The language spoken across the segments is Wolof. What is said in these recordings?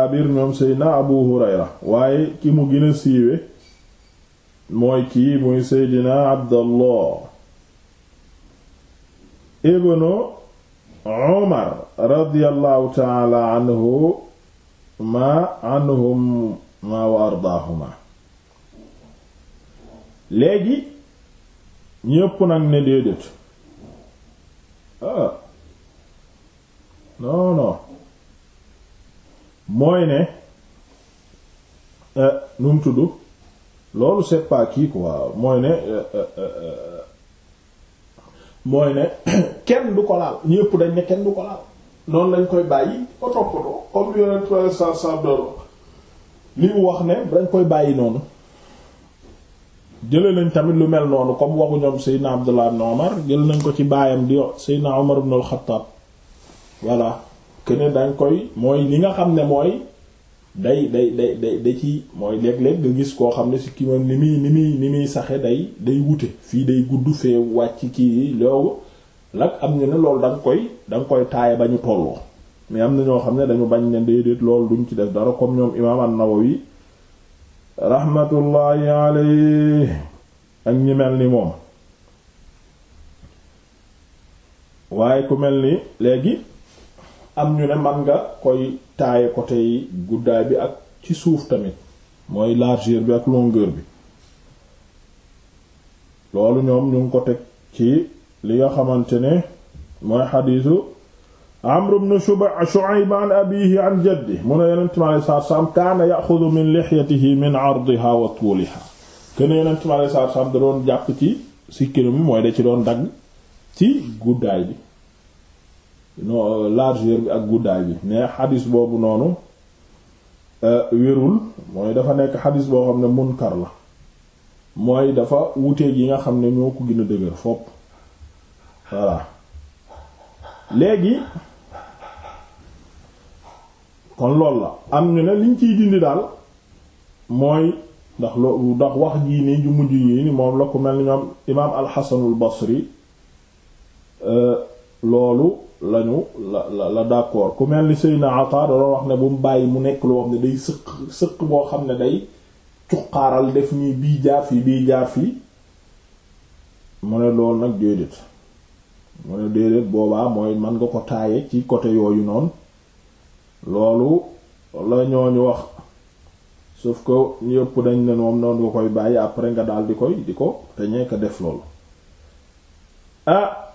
jaabir ñoom seydna abu hurayra waaye ki mu gën a siiwe mooy kii muy seydna abdallah ibnu omar radiallahu taala anhu ma wa ardaahuma léegi ñépp nag ne déedéet ah mooy ne eh, nu mu tudd loolu c'est pas kii quoi mooy ne eh, eh, mooy ne kenn du ko laal yëpp dañ ne kenn du ko laal noonu lañ koy bàyyi ko comme yonent trois cent li mu wax ne dañ koy bàyyi noonu jëlee nañ tamit lu mel noonu comme waxu ñoom Seydina Abdullah ibn Omar jël nañ ko ci baayam di Seydina Omar ibn al-Khattab voilà que ne dañ koy mooy li nga xam ne mooy day day day day da ci mooy léeg-léeg nga gis koo xam ne si kii moom ni muy ni muy ni muy saxe day day wute fii day gudd fee wàcc kii loolu lak am ñu ne loolu da koy da koy taaye ba ñu tolloo mais am na ñoo xam ne dañu bañ ne déedéet lool duñ ci def dara comme ñoom imaam an-Nawawi rahmatullahi alayhi ak ñi mel ni moom waaye ku mel ni léegi am ñu ne man nga koy taaye côté yi guddaay bi ak ci suuf tamit mooy largeur bi ak longueur bi loolu ñoom ñu ngi ko teg ci li nga xamante ne mooy xadiisu Amr ibn Shu'ayb an abiihi an jaddi mu ne yonent mi alayhi salaatu salaam kaana ya'xudu min lihyatihi min 'ardihaa wa tuulihaa kenn yonent mi alayhi salaatu salaam da doon jàpp ci sikkinam bi mooy da ci doon dagg ci guddaay bi no euh, largeur bi ak guddaay bi mais xadis boobu noonu euh, wérul mooy dafa nekk xadis boo xam ne munkar la mooy dafa wuteeg yi nga xam ne ñoo ko gën a dëgër fopp voilà léegi kon loolu la am ñu ne liñ ciy dindi daal mooy ndax loo ndax wax jii nii ju mujj yi ni moom la mel ni ñoom imaam alxasanul basri euh, loolu lañu la la la d'accord ku mel ni Seydina Ata doon wax ne bu mu bàyyi mu nekk loo xam ne day sëq sëq boo xam ne day cuqaaral def nii bii jaaf yi bii jaar fii mu ne loolu nag déedéet mu ne boobaa mooy mën nga ko taaye ci côté yooyu noonu loolu la ñooñu wax sauf que ñëpp dañ ne moom noonu nga koy bàyyi après nga daal di koy di ko te ñee ko def loolu ah!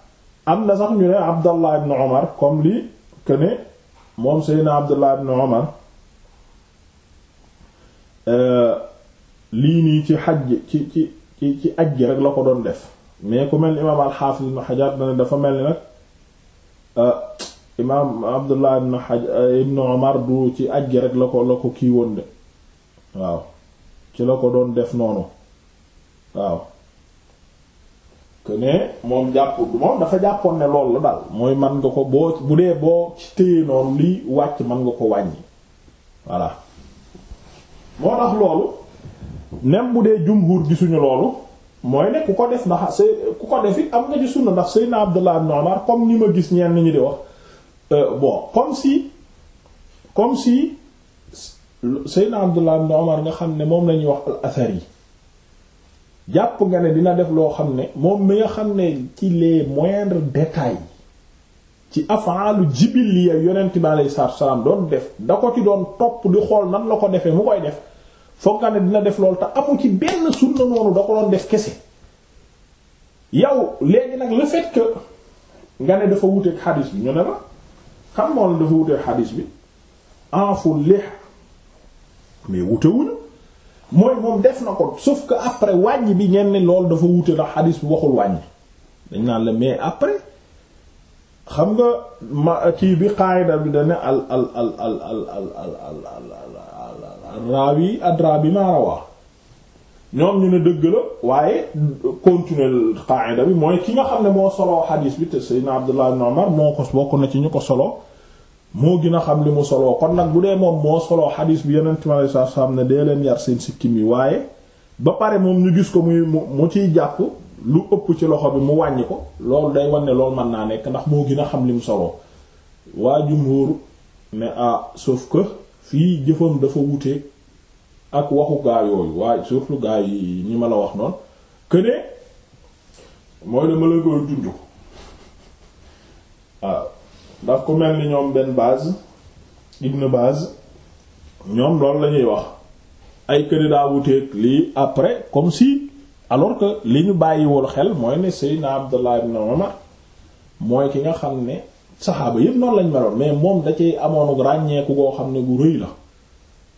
am na sax ñu ne Abdallah ibn Omar comme li que moom Seydina Abdallah ibn Omar euh, lii nii ci xaj ci ci ci ci aj gi rek la ko doon def mais ku mel ni imaam al-Hafiz ibn Hajar dana dafa mel ni nag euh, imaam Abdullah ibn Hajar euh, ibn Omar du ci aj gi rek la ko la ko kii woon de waaw ci la ko doon def noonu waaw que ne moom jàpp moom dafa jàppoon ne loolu la daal mooy man nga ko boo bu dee boo ci téye noonu liy wàcc man nga ko wàññi voilà moo tax loolu même bu dee jumhur gisuñu loolu mooy ne ku ko def ndax ku ko defi it am nga ci sunna ndax Seydina Abdullah ibn Umar comme ni ma gis ñeen ñi di wax euh, bon comme si comme si Seydina Abdullah ibn Umar nga xam ne moom lañuy wax al yi jàpp nga ne dina def loo xam ne moom mi nga xam ne ci les moindres détails ci afaalu jibiliya yonent bi alayhi salaatu salaam doon def da ko ci doon topp di xool nan la ko defee mu koy def foog nga ne dina def lool te amu ci benn sunna noonu da ko doon def kese yow léegi nag le fekk nga ne dafa wuteeg xadis bi ñu ne la xam moom dafa wuteeg xadis bi enful leex mais wutewuñu mooy moom def na ko sauf que après wàññi bi ngeen ne loolu dafa wute la xadis bi waxul wàññi dañ naan la mais après xam nga ma kii bi qaayida bi dane al al al al al al al raawi adra bi maa rawaa ñoom ñu ne dëgg la waaye continuer qaayida bi mooy ki nga xam ne moo solo xadis bi te Seydina Abdullah ibn Umar moo ko bokk na ci ñu ko solo moo gën a xam li mu soloo kon nag bu dee moom moo soloo xadiis bi yeneen mi alayhi salaatu salaam ne dee leen yar seen sikkim yi waaye ba pare moom ñu gis ko mu mu ciy jàpp lu ëpp ci loxo bi mu wàññi ko loolu day wan ne loolu mën naa nekk ndax moo gin a xam li mu soloo waa jumhur ne ah sauf que fii jëfam dafa wutee ak waxu gaa yooyu waaye surtout gaa yi ñu ma la wax noonu que ne mooy dama la koy dund waaw ndax ko mel ni ñoom benn Baz Ibn Baz ñoom loolu lañuy wax ay këri daa wuteeg lii après comme si alors que li ñu bàyyiwul xel mooy ne Seydina Abdullah ibn Umar mooy ki nga xam ne saxaaba yépp noonu lañ meloon mais moom da cee amoon ràññeeku goo xam ne gu rëy la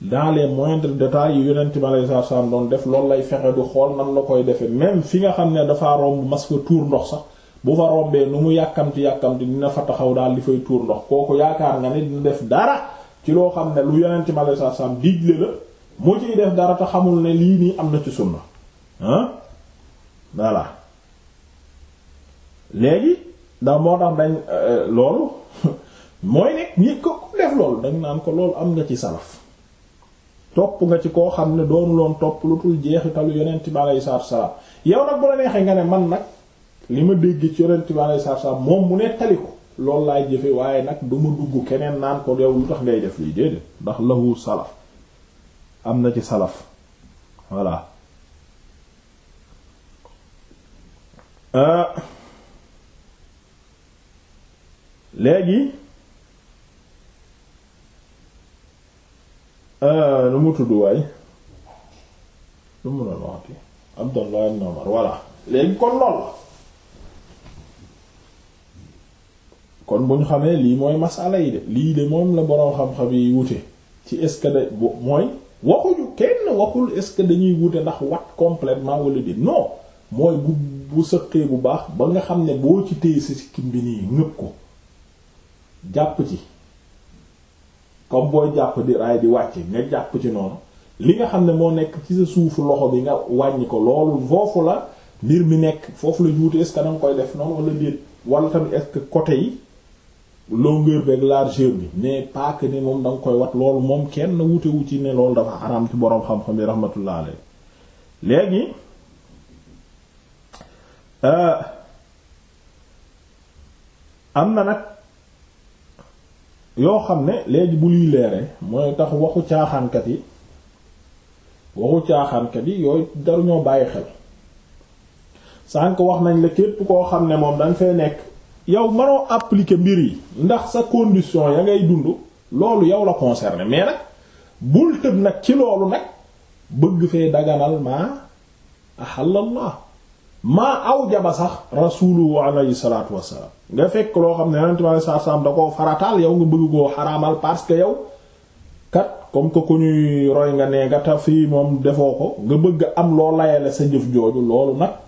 dans les moindres détails yu yonent mi alayhi salaatu salaam doon def loolu lay fexe du xool nan la koy defee même fi nga xam ne dafa romb mas fa tuur ndox sax. bu fa rombee nu mu yàkkamti yàkkamti dina fa taxaw daal di fay tuur ndox kooku yaakaar nga ne dina def dara ci loo xam ne lu yonent mi alayhi salaam digle la mu ciy def dara te xamul ne nii am na ci sunna ah voilà léegi moo tax dañ euh, loolu mooy nekk ñi dañ naan ko loolu am nga ci salaf topp nga ci koo xam ne doonuloon topp lu tul jeexitalu yonent mi alayhi salaam yow nag bu la neexee nga ne man nag. li ma dégg ci yonent bi alayhi salaatu salaam moom mu nettali ko loolu laay jëfe waaye nag du ma dugg keneen naan ko yow lu tax ngay def lii déedéet ndax lahu salaf am na ci salaf voilà euh, léegi lu euh, mu tudd waay lu mu doon waxti Abdallah ibn Umar voilà léegi kon lool kon bu ñu xamee lii mooy masala yi de lii de moom la boroom xam-xam yi wute ci est-ce que mooy waxuñu kenn waxul est-ce que dañuy wute ndax wat complètement wala di non mooy bu bu bu baax ba nga xam ne boo ci téye sa sikkim bi nii ñëpp ko jàpp ci comme booy jàpp di raay di wàcce nga jàpp ci noonu li nga xam ne moo nekk ci sa suufu loxo bi nga wàññi ko loolu foofu la mbir mi nekk foofu la juute est-ce que koy def noonu wala déet wala tamit est-ce que côté yi longueur bi ak largeur bi mais pas que moom da koy wat loolu moom kenn wutewu ci ne loolu dafa xaraam ci boroom xam-xam yi rahmatullah alayhi léegi euh, am na nag yoo xam ne léegi bu luy leere mooy tax waxu caaxaankat yi waxu caaxaankat yi yooyu daruñoo bàyyi xel sànq wax nañ la képp koo xam ne moom danga fee nekk yow mënoo appliquer mbir yi ndax sa condition ya ngay dund loolu yow la concerné mais nag bul tëb nag ci loolu nag bëgg fee daganal maa ahalallah maa aw jaba sax rasuluhu alayhi salatu wasalaam nga fekk loo xam ne yonent bi alayhi salaatu da koo farataal yow nga bëgg koo xaraamal parce que yow kat comme que ku ñuy roy nga ne nga ta fii moom defoo ko nga bëgg am loo layale sa jëf jooju loolu nag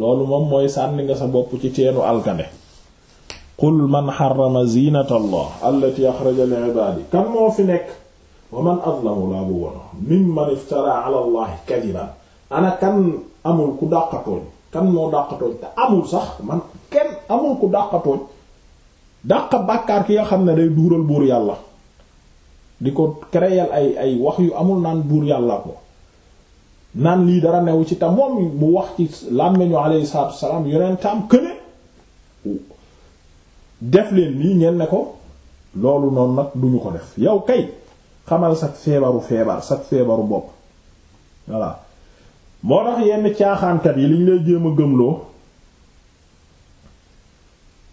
loolu moom mooy sànni nga sa bopp ci teenu alkande qul man xarama zinata allah allati axraja li ibaadi kan moo fi nekk wa man azlamu laa bu wono mimman iftara ala allah kadiban ana kan amul ku dàqatooñ kan moo dàqatooñ te amul sax man kenn amul ku dàqatooñ dàqa bàkkaar ki nga xam ne day duural buur yàlla di ko créer ay ay wax yu amul naan buur yàlla ko naan lii dara newu ci te moom mu wax ci làmmeñu alayhi salaatu wassalaam yonentam këne def leen lii ngeen ne ko loolu noonu nag duñu ko def yow kay xamal sag feebaru feebar sag feebaru bopp voilà moo tax yenn caaxaankat yi liñ lay jéem a gëmloo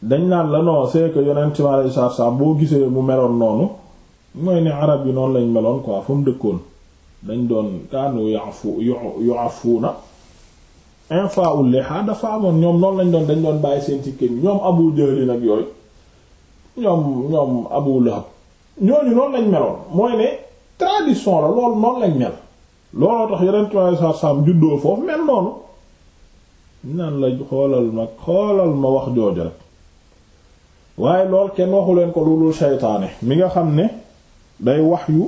dañ naan la non c'est que yonent mi alayhi boo gisee mu meloon noonu mooy ne arab yi noonu lañ meloon quoi fa mu dëkkoon dañ doon kaanu yafu yuafuuna infa ul liha dafa amoon ñoom noonu lañ doon dañ doon bàyyi seen tikke bi ñoom abu jëli nag yooyu ñoom ñoom abu lahab ñooñu noonu lañ meloon noonu lañ mel looloo tax yeneentu alei satu juddoo foofu mel noonu naan la xoolal ma xoolal ma wax jooju rek waaye lool kenn waxu leen ko lu dul seytaane mi nga xam ne day wax yu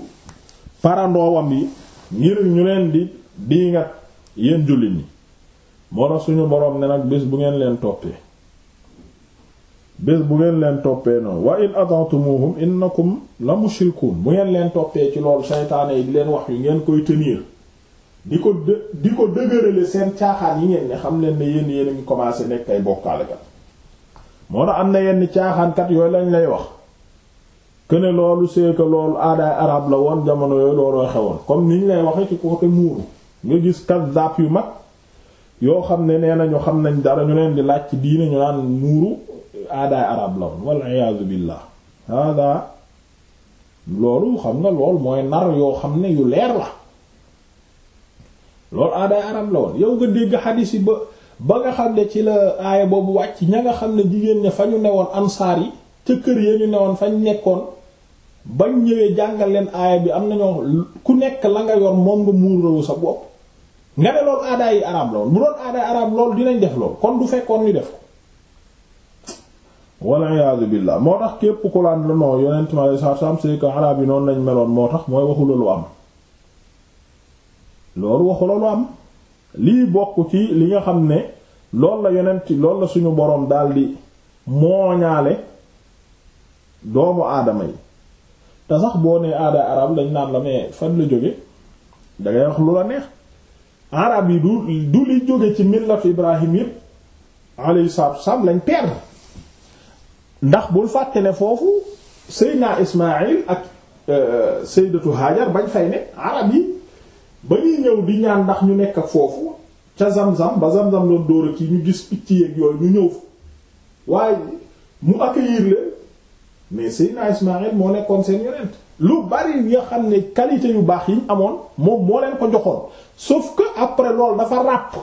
parandoowam yi ngir ñu leen di bii nga yéen jullit ñi moo tax suñu boroom ne nag bés bu ngeen leen toppee bés bu ngeen leen toppee noonu wa in ata'tumuhum innakum la mushrikuun bu ngeen leen toppee ci loolu saytaane yi di leen wax yu ngeen koy tenir di ko di ko dëgërale seen caaxaan yi ngeen ne xam leen ne yéen yéen a commencé nekk ay bokkaalekat moo tax am na yenn caaxaankat yooyu lañ lay wax que loolu c'est que loolu aadaay arab la woon jamono yooyu looloo xewoon comme niñ lay waxe ci côté muuru nga gis kazzab yu mag yoo xam ne nee nañu xam nañ dara ñu leen di laaj ci diine ñu naan muuru aadaay arab la woon wal iyaazu billah hada loolu xam nga lool mooy nar yoo xam ne yu leer la loolu aadaay arab la woon yow nga dégg xadiis yi ba ba nga xam ne ci la aaya boobu wàcc ña nga xam ne jigéen ña fa ñu newoon ansaar yi ca kër ya ñu newoon fañ nekkoon bañ ñëwee jàngal leen aaya bi am na ñoo ku nekk la nga yor moom nga muur sa bopp nga ne loolu aadaa yi la woon bu loolu dinañ def lool kon du fekkoon ñu def ko. wal moo tax képp ku laan la noo yonent noonu lañ meloon moo tax mooy waxu la lu loolu waxu lu am lii bokk ci li nga xam ne loolu la yonent loolu la suñu boroom daldi mooñaale. doomu aadama yi te sax boo nee aada arab lañ naan la mais fan la jóge dangay wax lu la neex arab yi du du li jóge ci millatu ibrahim yëpp alayhi salaatu wassalaam lañ perdre ndax bul fàtte ne foofu seydna ismail ak euh, sayyidatu hajar bañ fay ne arab yi ba ñuy ñëw di ñaan ndax ñu nekk ak foofu ca zam-zam ba zam-zam loon dóor a kii ñu gis picc yeeg yooyu ñu ñëw waaye mu accueillir leen mais Seydina Ismaïl moo nekkoon seen yonent lu bari nga xam ne qualité yu baax yi amoon moom moo leen ko joxoon sauf que après loolu dafa ràpp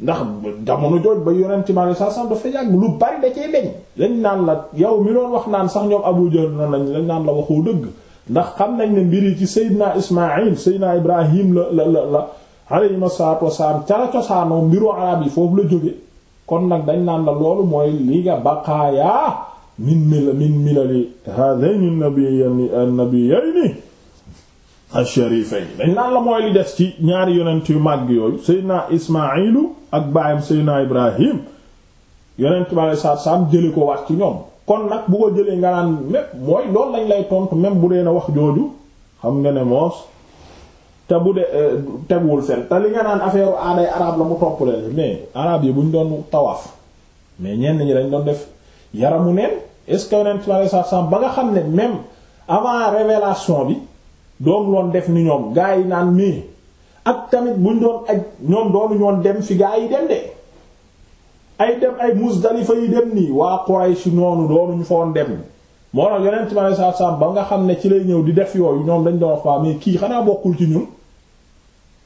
ndax jamono jooj ba yonent ma sa sax dafa yàgg lu bari da cee lañ naan la yow mi doon wax naan sax ñoom Abu Jahl na nañ lañ naan la waxoo dëgg ndax xam nañ ne mbir yi ci Seydina Ismaïl Seydina Ibrahim la la la la alayhima salaatu wasalaam ca la cosaanoo mbiru araab yi foofu la jóge kon nag dañ naan la loolu mooy li nga min mil min milali hadaini nabiyani annabiyayni asharifayn dañ naan la mooy li des ci ñaari yonent yu màgg yooyu seydna ismailu ak baayam seydna ibrahim yonent bi alei satu salaam jële ko wax ci ñoom kon nag bu ko jëlee nga naan mépp mooy loolu lañ lay tontu même bu dee na wax jooju xam nga ne moos te bu de euh, teguwul fen te li nga naan affaire aaday arab la mu topp leen mais arab yi buñ doon tawaaf mais ñenn ñi dañ doon def yaramu neen est-ce que yonent bi alayhi salaam ba nga xam ne même avant révélation bi doon loon def ni ñoom gaa yi naan mais ak tamit buñ doon aj ñoom doonu ñoon dem fi gaa yi dem de ay dem ay Muzdalifa yi dem nii waa Quraysh noonu doonuñu fa woon dem moo tax yonent bi alayhi salaam ba nga xam ne ci lay ñëw di def yooyu ñoom dañu doon wax kii xanaa bokkul ci ñun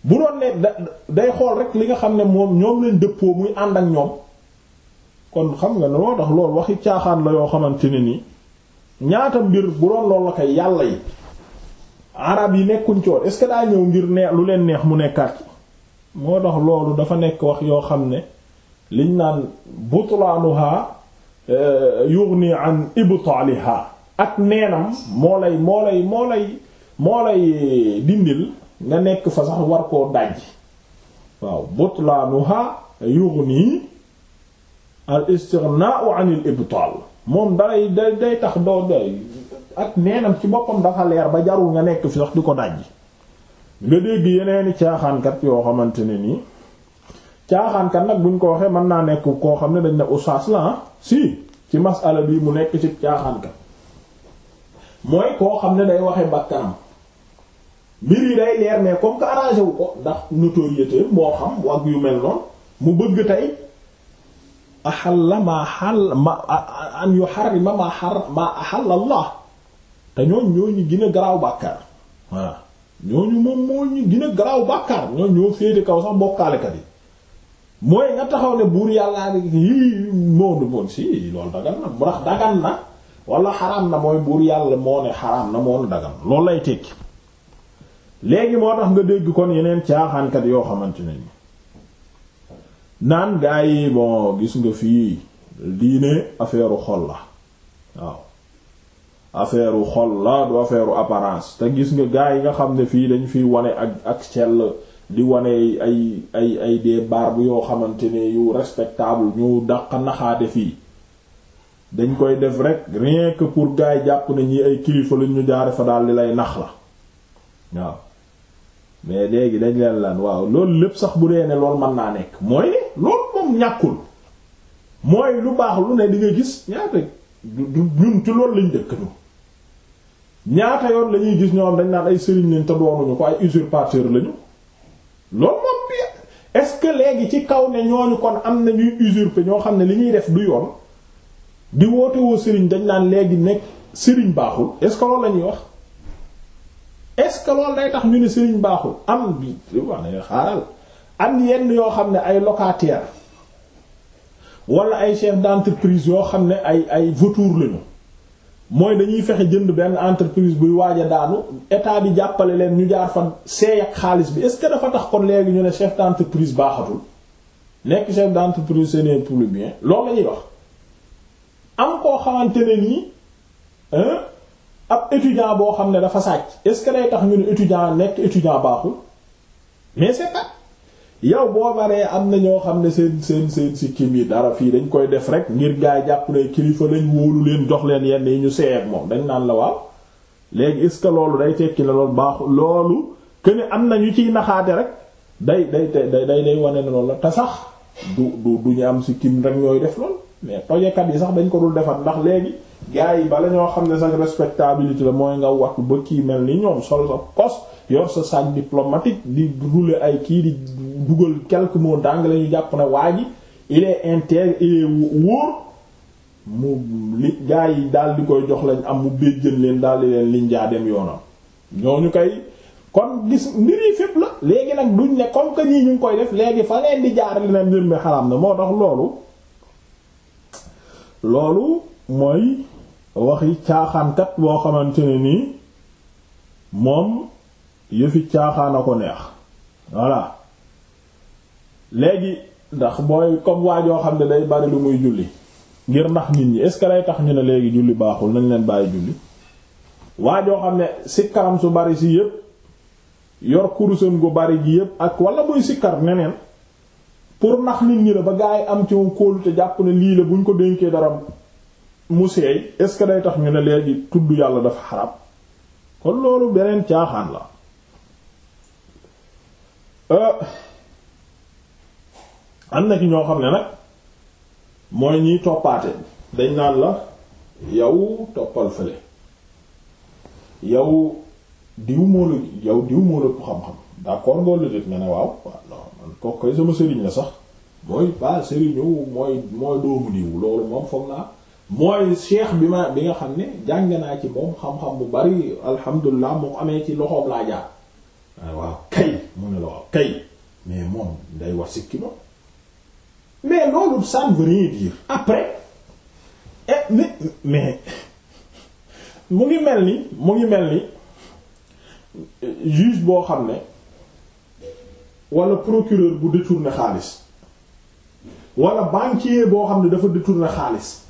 bu doon ne day xool rek li nga xam ne moom ñoom leen dëppoo muy ànd ak ñoom kon xam nga loo tax loolu waxi caaxaan la yoo xamante ne nii ñaata mbir bu doon loolu la kay yàlla yi arab yi nekkuñ ci woon daa ñëw ngir neex lu leen neex mu nekkaat moo tax loolu dafa nekk wax yoo xam ne liñ naan butlaanuha euh, yughni an ibtaaliha ak neenam moo lay moo lay moo lay dindil nga nekk fa sax war koo dajj waaw butlaanuha yughni al istighnaa'u anil ibtaal moom dalay day day tax doo day ak neenam ci boppam dafa leer ba jarul nga nekk fi sax di ko dajji nga dégg yeneeni caaxaankat yoo xamante ne nii caaxaankat nag buñ ko waxee mën naa nekk koo xam ne dañ ne usaas la ah, si ci masala bii mu nekk ci caaxaankat mooy koo xam ne day waxe bakkanam mbir yi day leer mais comme que arrangé wu ko ndax notoriété moo xam wag yu mel noonu mu bëgg tey axalla ma xal ma an yuharrima ma xar ma axalla Allah te ñooñ ñooñu gën a garaaw bàkkaar voilà ñooñu moom moo ñu gën garaaw bàkkaar ñooñ ñoo féete kaw sax bokkaalekat yi mooy nga taxaw ne buur yàlla yi moo du bon si loolu dagan na mu tax dagan na wala xaraam na mooy buur yàlla moo ne xaraam na moo ne dagan loolu lay tekki léegi moo tax nga dégg kon yeneen caaxaankat yoo xamante ne naan gaa yi bon gis nga fii diine affaire xol la waaw affaire xol la du affaire apparence te gis nga gaa yi nga xam ne fii dañ fiy wane ak ak sell di wane ay ay ay des barbe yoo xamante ne yu respectable ñu dàq naxaate fii dañ koy def rek rien que pour gaa yi jàpp na ñi ay kilifa lu ñu jaare fa daal di lay nax la waaw mais léegi dañ leen lan waaw loolu lépp sax bu dee ne loolu mën naa nekk mooy loolu moom ñàkkul mooy lu baaxul lu ne di gis ñaata ñun ci loolu lañ dëkk ñu ñaata yoon la ñuy gis ñoom dañ naan ay sëriñ lañ te doonuñu ko ay usurpateur lañu loolu moom bi est-ce que léegi ci kaw ne ñoo ñooñu kon am na ñuy usurper ñoo xam ne li ñuy def du yoon di woote woo sëriñ dañ naan léegi nekk sëriñ baaxul est-ce que loolu la ñuy wax est-ce que loolu day tax ñu ne sëriñ baaxul am bi wax na xaaral am yenn yoo xam ne ay locataire wala ay chef d'entreprise yoo xam ne ay ay vautour lañu mooy dañuy fexe jënd benn entreprise buy waaj daanu état bi jàppale leen ñu jaar fan seey ak xaalis bi est-ce que dafa tax kon léegi ñu ne chef d'entreprise baaxatul nekk chef d'entreprise c'est n'est plus bien loolu la ñuy wax am koo xamante nii ab étudiant boo xam ne dafa sàcc est-ce que day tax ñu ne étudiant nekk étudiant baaxul mais c'est yow boo baree am na ñoo xam ne seen seen seen sikkim yi dara fii dañ koy def rek ngir gaa yi jàpp ne kilifa lañ wóolu leen jox leen yenn yi ñu seet moom dañ naan la waaw léegi est-ce que loolu day tekki la loolu baaxu loolu que ne am na ñu ciy naxaate rek day day day day day wane ne loolu la te sax du du du ñu am sikkim rek ñooy def lool mais tojekat yi sax dañ ko dul defar ndax léegi. gars yi bala ñoo xam ne sax respectabilité la mooy nga wattu ba kii mel ni ñoom sol sa kos yor sa sac diplomatique di rouler ay kii di dugal quelques mots d'anglais ñu jàpp ne waa ji il est intègre wóor mu li gars yi daal di koy jox lañ am mu béjjën leen daal di leen liñ jaa dem yoonam ñooñu kay kon gis mbir yi fépp la léegi nag duñ ne comme que nii ñu ngi koy def léegi fa leen di jaar li ne mbir mi xaraam na moo tax loolu loolu mooy waxi caaxaankat boo xamante ne nii moom yëfi caaxaan a ko neex voilà léegi ndax booy comme waa joo xam ne day bari lu muy julli ngir nax nit ñi est-ce que lay tax ñu ne léegi julli baaxul nañ leen bàyyi julli waa xam ne sikkaram su bari si yépp yor kurusam gu bari gi yépp ak wala muy sikkar neneen pour nax nit ñi la ba gaa yi am ci woon kóolu te jàpp ne lii la buñ ko dénkee dara mu seey est-ce day tax mu ne léegi tudd yàlla dafa xarab kon loolu beneen caaxaan la euh, am na ci ñoo xam ne nag mooy ñiy toppaate dañ naan la yow toppal fële yow diw moo la yow diw moo la xam-xam d'accord ngoo la def nga waaw waaw man kooku koy sama sëriñ la sax mooy pas sëriñu mooy mooy doomu diw loolu moom foog naa mooy cheikh bi ma bi nga xam ne jàng naa ci moom xam-xam bu bari alhamdulilah moo amee ci loxoom laa jaar ah, waaw kay mu ne mais moom day wax sikki moom mais loolu ça ne veut après eh, mais mu ngi mel ni mu ngi mel ni juge boo xam ne walla procureur bu détourné xaalis wala banquier boo xam ne dafa détourné xaalis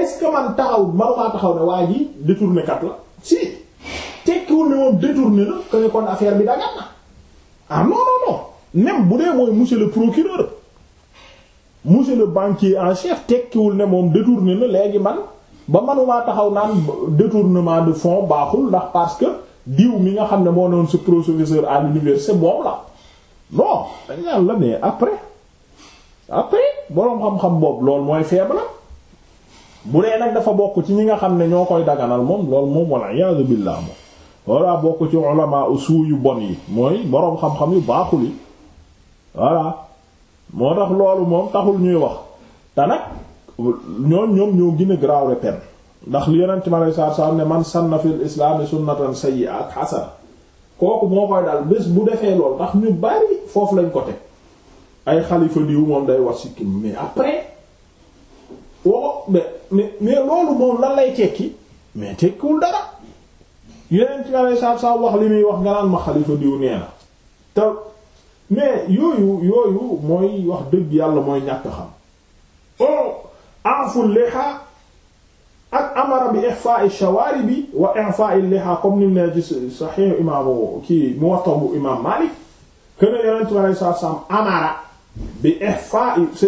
est-ce que man taxaw manumaa taxaw ne waa ji détourné kat la si tekkiwul ne moom détourné la que ne kon affaire bi dagat na ah non non non bu dee mooy monsieur le procureur monsieur le banquier en chef tekkiwul ne moom détourné la léegi man ba manumaa taxaw naan détournement de fonds baaxul ndax parce que diw mi nga xam ne moo noon si professeur à l'université moom la non dañ naan la mais après après boroom xam-xam boobu loolu mooy faible bu dee nag dafa bokk ci ñi nga xam ne ñoo koy daganal moom loolu moom walla iyaazu billaah moom walla bokk ci ulama usu yu bon yi mooy boroom xam-xam yu baaxul yi voilà moo tax loolu moom taxul ñuy wax te nag ñoom ñoom ñoo gën a grave peine ndax li yonent mi alayhi salaatu salaam ne man sanna fil islaami sunnatan sayyi'atan hasana kooku moo koy dal bés bu defee loolu ndax ñu bari foofu lañ ko teg ay xalifa diw moom day wax sikkim mais après woo mais mais loolu moom lan lay tekki mais tekkiwul dara yeneen ci ma wax li muy wax ma xalifa diw nee na te yooyu mooy wax dëgg yàlla mooy ñàkk xam o oh, aful liha ak amara bi ihfa'i shawarib wa ihfa'i liha comme ni ne ci sahih imaamu kii Muwatta bu imaam Maalik kene yeneen ci ma saab saab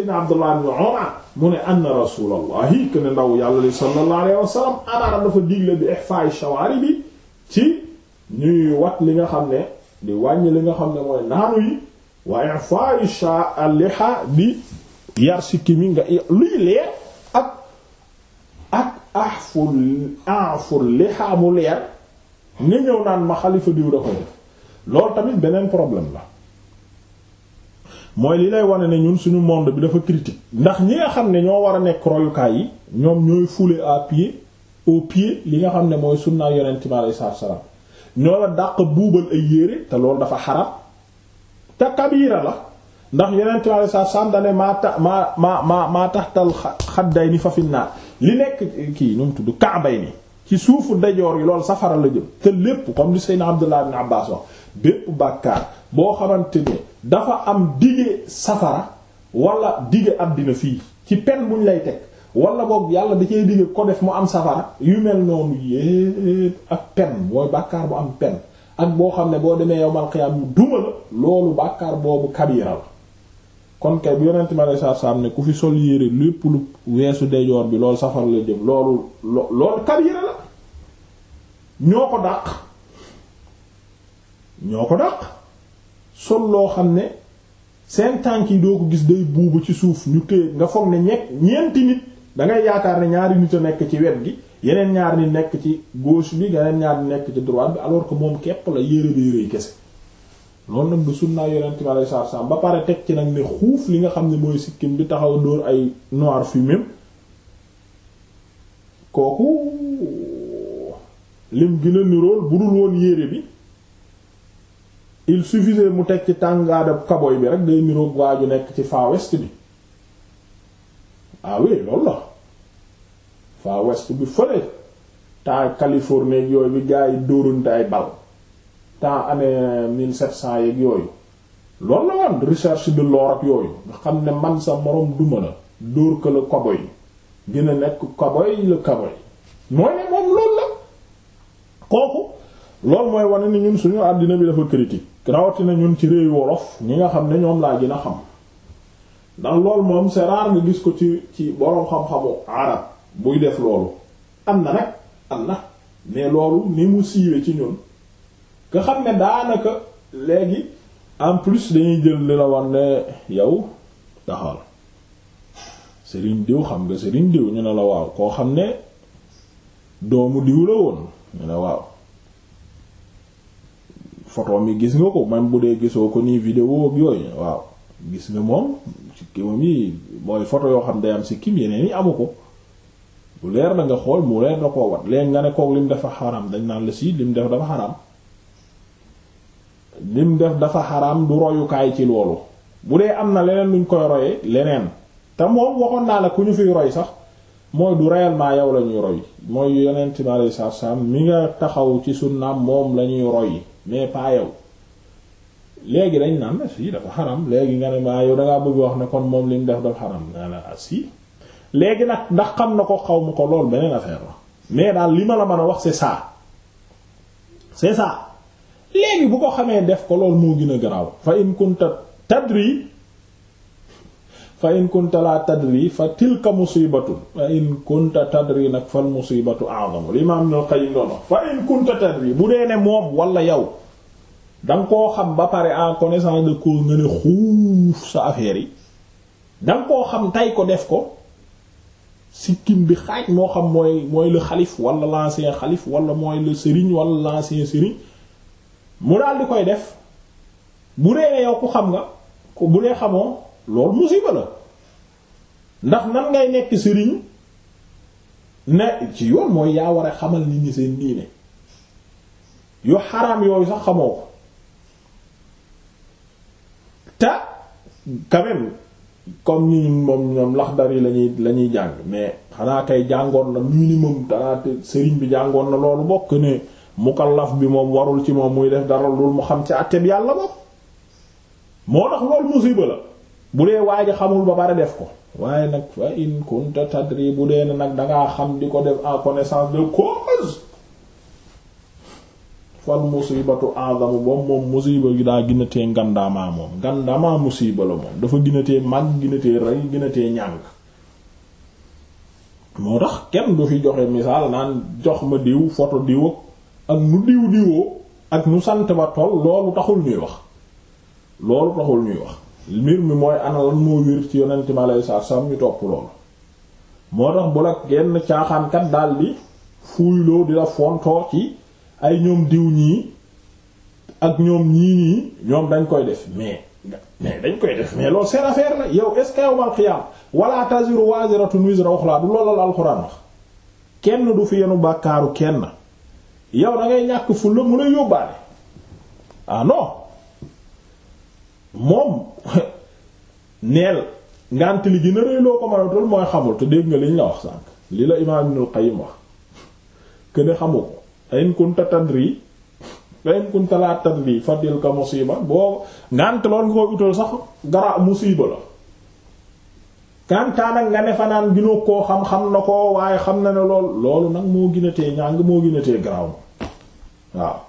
Abdullah ibn Umar mu ne anna rasulallahi que ne ndaw yàlla li sallallahu alayhi wa sallam dafa digle bi ihfa'i shawaari bi ci ñuy wat li nga xam ne di wàññi li nga xam ne mooy naanu yi wa ihfa'i al-liha bi yar sikki mi nga luy leer ak ak ahful ahful liha mu leer nga ñëw naan ma xalifa diw da ko loolu tamit beneen problème la mooy li lay wane ne ñun suñu monde bi dafa critique ndax ñi nga xam ne ñoo war a nekk royukaay yi ñoom ñooy fouler à pied au pied li nga xam ne mooy sunnaa yonent bi alayhi salaatu salaam ñoo la dàq buubal ay yére te loolu dafa xaram te kabiira la ndax yonent bi alayhi salaatu salaam dane maa ta maa maa maa maa taxtal xadday ni fa fi naar li nekk kii nu mu tudd kaabay ni ci suufu dajoor yi loolu safara la jëm te lépp comme li Seydina Abdullah ibn Abbas wax bépp bàkkaar boo xamante ne dafa am dige safara walla dige àddina fii ci pen buñ lay teg wala boog yàlla da cay digg ko def mu am safara yu mel noonu yépp ak pen mooy bàkkaar bu am pen ak boo xam ne boo demee yowmal xiyaam yu duma la loolu bàkkaar boobu kabira la kon kay bu yonent ma lay saab ne ku fi sol yére lépp lu weesu dejoor bi loolu safara la jëm loolu loolu kabira la ñoo ko dàq ñoo ko dàq sol loo xam ne seen tànk yi doo ko gis day buubu ci suuf ñu téye nga foog ne ñekk ñeenti nit da ngay yaakaar ne ñaari nit a nekk ci wet gi yeneen ñaar ni nekk ci gauche bi yeneen nekk ci droite bi alors que moom képp la yére bi yére kese loolu nag du sunnaa yonent bi alei satu salaam ba pare teg ci nag ne xuuf li nga xam ne mooy sikkim bi taxaw dóor ay noir fumé kooku lim gën a nirool bu dul woon yére bi il suffisait mu tek ci tàngaadab kaboy bi rek day niroog waaju nekk ci far west bi ah oui la far west bi fële temps Californie ak yooyu bi gars yi dóorante ay bal temps année mille sept cent yooyu loolu la woon recherche de l'or ak yooyu nga xam ne man sa moroom duma la dóor ko la kaboy gën a nekk kaboy la kaboy mooy ne moom loolu la kooku loolu mooy wane ni ñun suñu àddina bi dafa critique rawatina ñun ci réew wolof ñi nga xam ne ñoom laa gën a xam ndax loolu moom c'est nga gis ko ci ci boroom xam-xamu arab buy def loolu am na nag am na mais loolu ni mu siiwee ci ñun nga xam ne daanaka léegi en plus dañuy jël li la wan yow taxal Serigne diw xam nga Serigne diw ñu ne la waaw koo xam ne doomu diw la ñu ne waaw photo mi gis nga ko même bu dee gisoo ko nii vidéo yooyu waaw gis nga moom sikkimam yi mooy photo yoo xam day am sikkim yeneen yi amu ko bu leer na nga xool mu leer na koo wat léegi nga ne kook lim dafa xaram dañ naan la si lim def dafa xaram lim def dafa xaram du royukaay ci loolu bu dee am na leneen luñ koy royee leneen te moom waxoon naa la ku ñu fiy roy sax mooy du réellement yow la ñuy roy mooy yonent bi alayhi salaam mi nga taxaw ci sunnaam moom la ñuy mais pas yow léegi dañ naan ne si dafa xaram léegi nga ne maa yow dangaa bëgg wax ne kon moom li mu def dafa xaram naa la ah, si léegi nag ndax xam na ko xaw ma ko lool beneen affaire la mais daal li ma la mën a wax c'est ça c'est ça léegi bu ko xamee def ko lool moo gën a garaaw fa in kunta tadri fa in kunta fa tilka musibatu fa in kunta nag fal musibatu a'zamu limaam Ibnul Qayyim doon fa in kunta bu dee ne moom wala yow danga koo xam ba pare en connaissance de cause nga ne xuuf sa affaire yi danga koo xam tay ko def ko sikkim bi xaaj moo xam mooy mooy le xalif wala l'ancien xalif wala mooy le sëriñ wala l'ancien sëriñ mu daal di koy def bu dee ne yow ku xam nga bu dee xamoo loolu musiba la ndax nan ngay nekk sëriñ ne ci yoon mooy yaa war a xamal nit ñi seen diine yu xaraam yooyu sax xamoo ko te quand même comme ni moom ñoom laxdar yi lañuy jàng mais xanaa kay jàngoon na minimum danaa sëriñ bi jàngoon na loolu bokk ne mukallaf bi moom warul ci moom muy def dara loolu mu xam ci àtte yàlla bokk moo tax loolu musiba la bu dee waaj xamul ba bare def ko waaye nag fa in kunta tadri bu dee nag dangaa xam di ko def en connaissance de cause fal musibatu azamu boobu moom musiba daa gën a moom ngandaamaa musiba la moom dafa gën a tee màgg gën a tee rey gën moo tax kenn du fi joxe misaal naan jox ma diw photo diw ak nu diw diwoo ak nu sant ba toll loolu taxul ñuy wax loolu taxul ñuy wax mbir mi mooy ana moo wér ci yonent mi alayhi salaatu salaam ñu topp loolu moo tax bu la genn caaxaankat daldi fuuyloo di la fontoo ci ay ñoom diw ñii ak ñoom ñii nii ñoom dañ koy def mais mais dañ koy def mais loolu seen affaire la yow est-ce que yawmal qiyaam wala taziru waaziratun du loolu la alxuraan kenn du fi yenu bàkkaaru kenn yow da ñàkk fu la mën a yóbbaale ah non. moom neel ngànt li gën a rëy loo ko mënatul mooy xamul te dégg nga liñ la wax sànq li la imaam Ibnul Qayyim wax këne xamu ko in kunta tadri laa tadri fa tilka musiba boo ngànt lool nga koy utal sax gara musiba la kantaa nag nga ne fanaan ginoo koo xam-xam na ko waaye xam na ne lool loolu nag moo gën a tee ñàng moo gën a waaw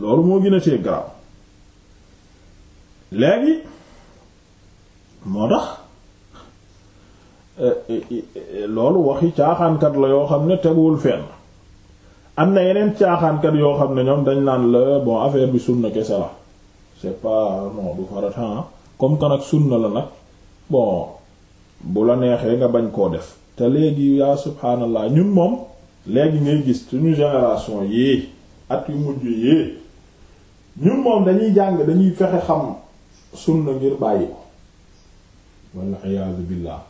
loolu moo gën a léegi moo tax euh, euh, euh, loolu waxi caaxaankat la yoo xam ne teguwul fenn am na yeneen caaxaankat yoo xam ne ñoom dañ naan la bon affaire bi sunna kese la c'est pas non du farata comme que nag sunna la nag bon bu la neexee nga bañ koo def te léegi yaa subhaanallah ñun moom léegi ngay gis suñu génération yii at yu mujj yii ñun moom dañuy jàng dañuy fexe xam sunna ngir bàyyi ko walla iyaazu billaah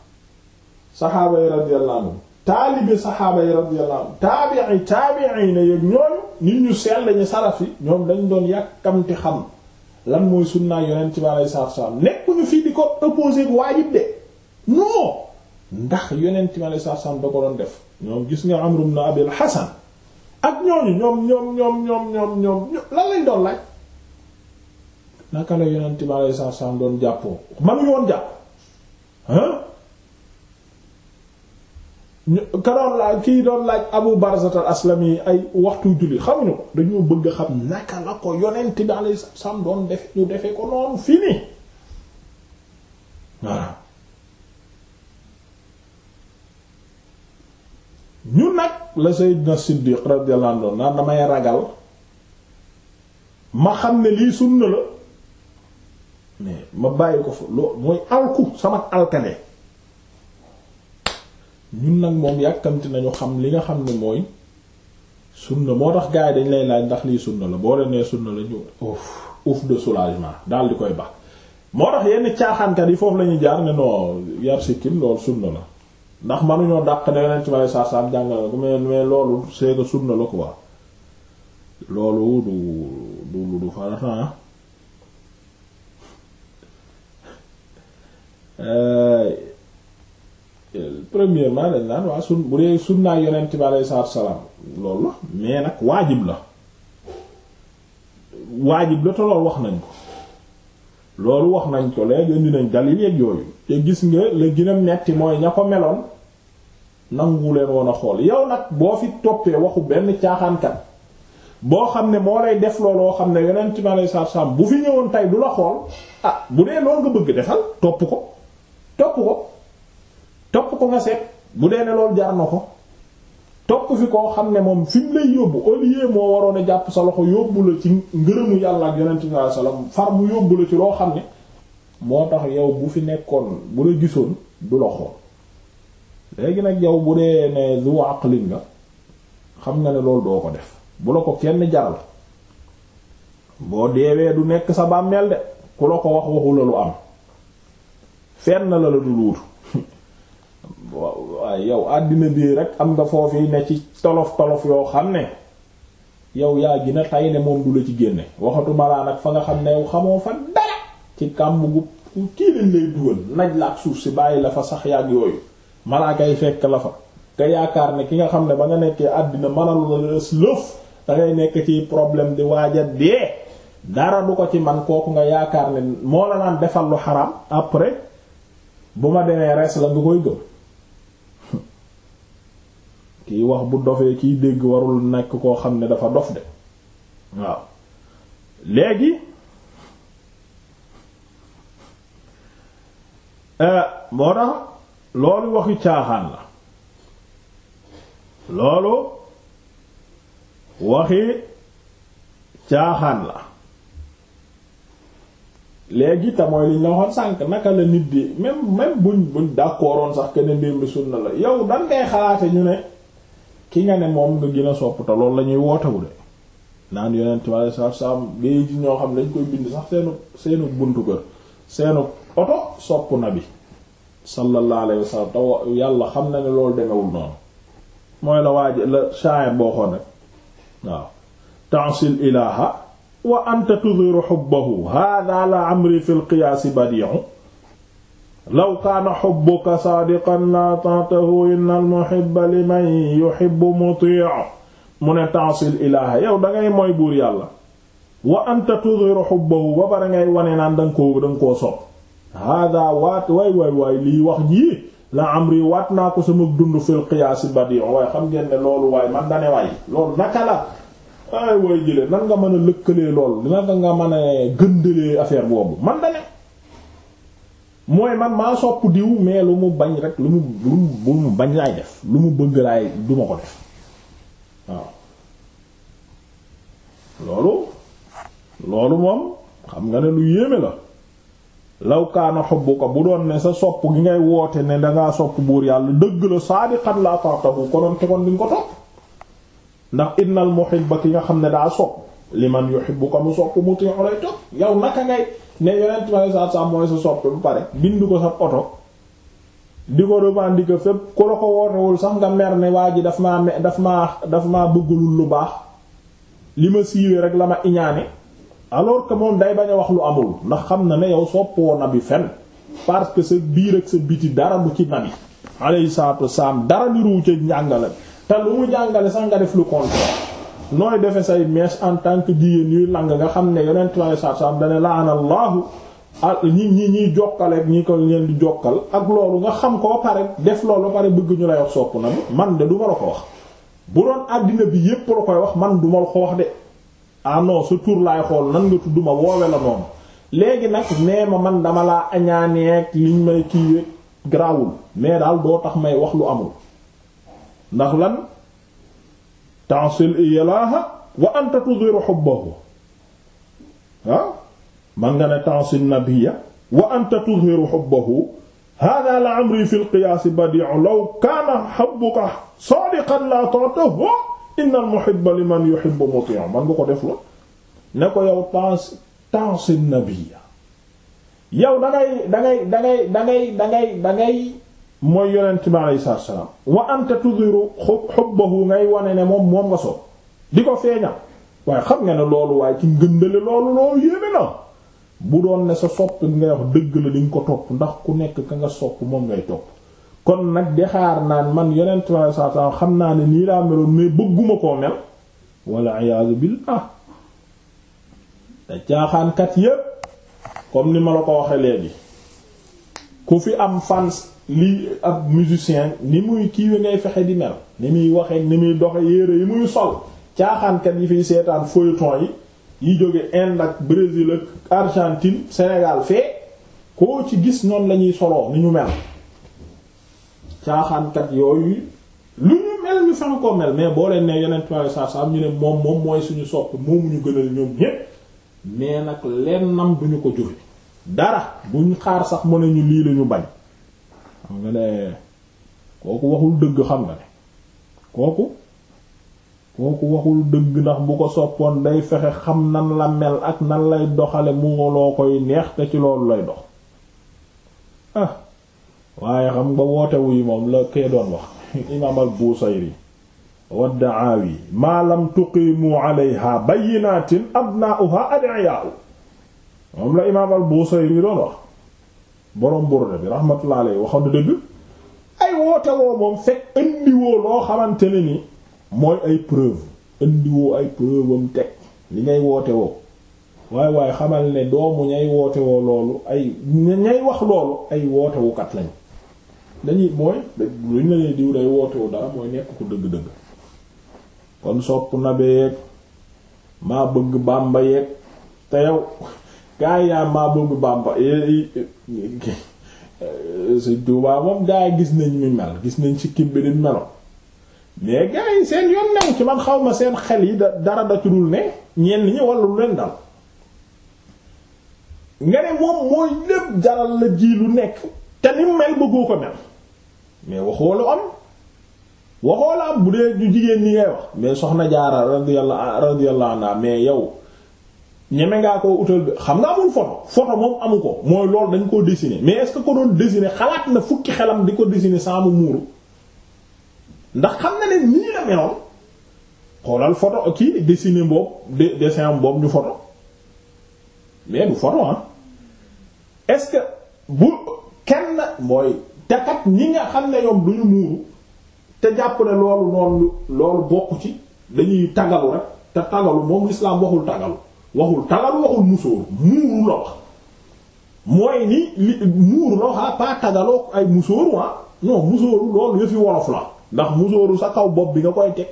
saxaaba yi radiyallahu anhum taalibe saxaaba yi radiyallahu anhum taabii taabii na yëg ñooñu nit ñu sell ñu saraf yi ñoom dañu doon yàkkamti xam lan mooy sunna yonent bi alayhi salaatu wa salaam nekkuñu fii di ko opposé bu waajib de non ndax yonent bi alayhi salaatu wa salaam ko doon def ñoom gis nga Amru ibn Abil Hasan ak ñooñu ñoom ñoom ñoom ñoom ñoom ñoom lan lañ doon laaj naka la yonent bi aleyhi salaatu doon jàppoo manu yoon jàpp hein karoon laa kii doon laaj abu barzat al aslami ay waxtu julli xamuñu ko dañoo bëgg a xam naka la ko yonent bi aleyhi salaatu doon defe ñu defee ko noonu fii nii waaw ñu nag la sayyidna siddiq radiyallahu anhu naan damay ragal ma xam ne lii sunna la mais ma bàyyi ko fa loo mooy alku sama alkane ñun nag moom yàkkamti nañu xam li nga xam ne mooy na moo tax gars yi dañ lay laaj ndax lii sunna la boo leen nee sunna la ñu ouf ouf de soulagement daal di koy bax moo tax yenn caaxaankat yi foofu lañuy ñuy jaar ne non yar sikkim loolu sunna la ndax mënuñoo dàq ne yeneen saa saa jàngale ko mais loolu c'est que la quoi loolu du du du Euh, premièrement dañ naan waa sun bu dee sunnaa yonent bi aleyhi salaatu wa salaam loolu la mais nag waajib la waajib la te loolu wax nañ ko loolu wax nañ ko léegi indi nañ dalil yeeg te gis nga la gën a metti mooy ña ko meloon nangu leen woon a xool yow nag boo fi toppee waxu benn caaxaankat boo xam ne moo lay def looloo xam ne yonent bi aleyhi salaatu wa salaam bu fi ñëwoon tey du la xool ah bu dee loolu nga bëgg defal topp ko. topp ko topp ko nga seet bu dee ne loolu jaar na ko topp fi koo xam ne moom fi lay yóbbu au lieu moo waroon a jàpp sa loxo yóbbu la ci ngërëmu yàlla ak yonent bi alayhi salaam ci loo xam ne moo tax yow bu fi nekkoon bu la du la xool léegi nag yow bu dee ne zu aqlin nga xam nga ne loolu doo ko def bu la ko kenn jaral boo deewee du nekk sa bàmmeel de ku la ko wax waxu lu am fenn la la dul wutu waaye yow àddina bii rek am nga foofu ne ci tolof tolof yoo xam ne yow yaa gina tay ne moom du la ci génne waxatu malaa nag fa nga xam ne yow xamoo fa dara ci kàmb gu la suuf si bàyyi la fa sax yàgg yooyu malaa kay fekk la fa te yaakaar ne ki nga xam ne ba nga nekkee àddina mënal la lëf dangay nekk ci problème di waaja dee dara du ko ci man kooku nga yaakaar ne moo la naan defal lu xaram après bu ma demee res la nga koy gëm kiy wax bu dofee kiy dégg warul nekk koo xam ne dafa dof de waaw léegi eh, moo tax loolu waxi caaxaan la loolu waxi caaxaan la léegi te mooy liñ la waxoon sànq naka la nit di même même buñ buñ d'accordoon sax kenn mbir mi sunna la yow dan ngay xalaate ñu ne ki nga ne moom nga gën a sopp te loolu la ñuy wootewule naan yonent mi alei satu salaam ngay ji ñoo xam ne dañ koy bind sax seenu seenu buntu kër seenu oto sopp na bi sallallahu alayhi wa sallam te yàlla xam na ne loolu demewul noonu mooy la waaj la shaa'ir boo xoon rek waaw ta'sil ilaha wa anta tudhiru hubbahu hadha la amri fil qiyaas badi'u law kaana hubbuka saadiqan la ta'tahu innal muhibba liman yuhibbu muti'u mu ne ta'sil ilaaha yow dangay mooy buur yàlla wa anta tudhiru hubbahu ba bara ngay wane naan danga koo danga koo sopp hada waat waay waay waay lii wax jii la amri waat naa ko sama dund fil qiyaasi badi'u waaye xam ngeen ne loolu waay man dane waay loolu naka la ay way jële nan nga mën a lëkkalee loolu dina nan nga mën a gëndalee affaire boobu man da ne mooy man maa sopp diw mais lu mu bañ rek lu mu lu mu bañ laay def lu mu bëgg laay duma ko def waaw loolu loolu moom xam nga ne lu yéeme la law kaana ko bu doon ne sa sopp gi ngay woote ne dangaa sopp buur yàlla dëgg la saadiqan laa taxtabu konoon te di nga ko topp ndax innal muhibba ki nga xam ne daa sopp li man yuhibbuka mu sopp mu ti lay topp yow naka ngay ne yonent ma sa sa mooy sa soppe bu pare bindu ko sa oto di ko revendiquer fépp ku la ko wootewul sax nga mer ne waa ji daf maa me daf ma daf maa bëggalul lu baax li ma siiwee rek la ma iñaane alors que moom day bañ a wax lu amul ndax xam na ne yow soppoo na bi fen parce que sa biir ak sa biti dara du ci nabi alayhi salaatu wasalaam dara niruwu ca njàngale te lu mu jàngale sax nga def lu contraire nooy defe say mèche en tant que jigéen yuy lang nga xam ne yonent sallallahu alayhi wasallam dana laana allahu ñi ñi ñiy jokkale ñi ko leen di jokkal ak loolu nga xam koo pare def loolu ba pare bëgg ñu lay wax sopp na man de du ma la ko wax bu doon àddina bi yépp la koy wax man du ma la ko wax de ano ah non sa tur laay xool nan nga tudd ma woowe la noonu léegi nag nee ma man dama laa añaaneeg liñ may kiiwee grawul mais daal doo tax may wax lu amul ndax lan ta'sil iyalaha wa anta tudhiru hubbahu waaw ah? man nga ne ta'sil nabiyya wa anta tudhiru hubbahu hada la amri fi lqiyaasi badiu law kaana hubbuka saadiqan la ta'tahu inna al-muhibba liman yuhibbu muti' man nga ko def la ne ko yow tans tansin nabiyya yow da ngay da ngay da ngay da ngay da ngay da ngay mooy yonent bi aleyhi salaatu wa salaam wa anta tudhiru hubbahu ngay wane ne moom moom nga soog di ko feeñal waaye xam nga ne loolu waaye ci ngëndale loolu loolu yéeme na bu doon ne sa sopp ngay wax dëgg la di nga ko topp ndax ku nekk ka nga sopp moom ngay topp kon nag di xaar naan man yonent bi aleyhi salaatu wa salaam xam naa ne nii laa meloon mais bëgguma koo mel walla iyaazu billaah ah. te caaxaankat yépp comme ni ma la ko waxe léegi ku fi am fans lii ab musicien ni muy kiiwe ngay fexe di mel ni muy waxee ni muy doxe yére yi muy sol caaxaankat yi fiy seetaan feuilleton yi yi jóge Inde ak Brésil ak Argentine Sénégal fee koo ci gis noonu lañuy soloo ni ñu mel caaxaankat yooyu lu ñu mel ñu fexe koo mel mais boo leen ne yeneen trois ñu ne moom moom mooy suñu sopp moomu ñu gënal ñoom ñépp mais nag lennam duñu ko juri dara buñ xaar sax mu ne ñu lii lañu bañ xam nga ne kooku waxul dëgg xam nga ne kooku kooku waxul dëgg ndax bu ko soppoon day fexe xam na la mel ak nan lay doxale mu loo koy neex te ci loolu lay dox ah waaye xam nga wootewu yi moom la kee doon wax imaam al Busayri waddaawi maalam tuqimu alayha bayyinatin abna'uha adiyaa'u moom la imaam al-Busayri doon wax borom Burda bi rahmatullah alayhi waxoon dëgg ay woote moom fekk indiwoo loo xamante ne ni mooy ay preuve indiwoo ay preuve am teg li ngay woote woo waaye waaye xamal ne doomu ñay woote loolu ay ñay wax loolu ay wootewukat lañ dañuy mooy luñ la diw day woote woo dara mooy nekk ku dëgg-dëgg kon sopp na beeg maa bëgg Bàmba yeeg te yow gaa yi daan maa bëgg Bamba eh, eh, eh, Sëriñ Tuubaa gaa yi gis nañ mi mel gis nañ ci kibbi di melo mais gaa yi seen yoon new ci man xaw ma seen xel yi dara da ci dul ne ñenn ñi walla lu leen dal nga ne moom mooy lépp jaral la ji lu nekk te ni mel bëggoo ko mel mais waxoo lu am waxoo la am bu dee ñu jigéen ñi ngay wax mais soxna Jaara radiyallahu radiyallahu anha mais yow ñeme ngaa koo utal bi xam nga amul photo photo moom amu ko mooy lool dañ koo dessiner mais est-ce ko doon dessiner xalaat na fukki xelam di ko dessiner saa mu muuru ndax xam na ne nii la boobu ñu photo mais ce que bu kenn mooy takat ñi nga xam ne ñoom duñu muuru te jàpp ne loolu noonu loolu bokk ci dañuy tagalu rek te tagalu moom l'islam waxul tagalu. waxul tagalu waxul musóoru muuru la wax mooy ni li muuru la wax ah, pas tagaloo ay musóor ah non musóoru loolu yëfi wolof la ndax musóoru sa kaw bopp bi nga koy teg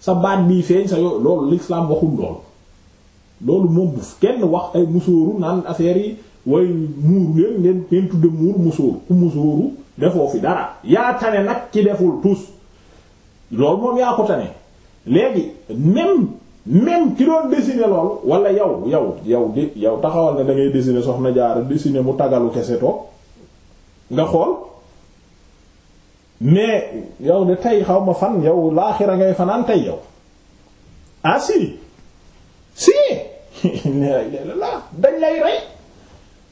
sa baat bi feeñ sa yo loolu l'islam waxul loolu loolu moom bu kenn wax ay musóoru naan affaire yi way muur leen ngeen ngeen muur musóoru ku musóoru defoo fi dara yaa tane nag ci deful tous loolu moom yaa ko tane léegi même même ki doon dessiner loolu wala yow yow yow di yow taxawal na da ngay dessiner jaar jaara dessiner mu tagalu kese toog nga xool mais yow de tey xaw ma fan yow laaxira ngay fanaan tey yow ah si si la dañ lay rey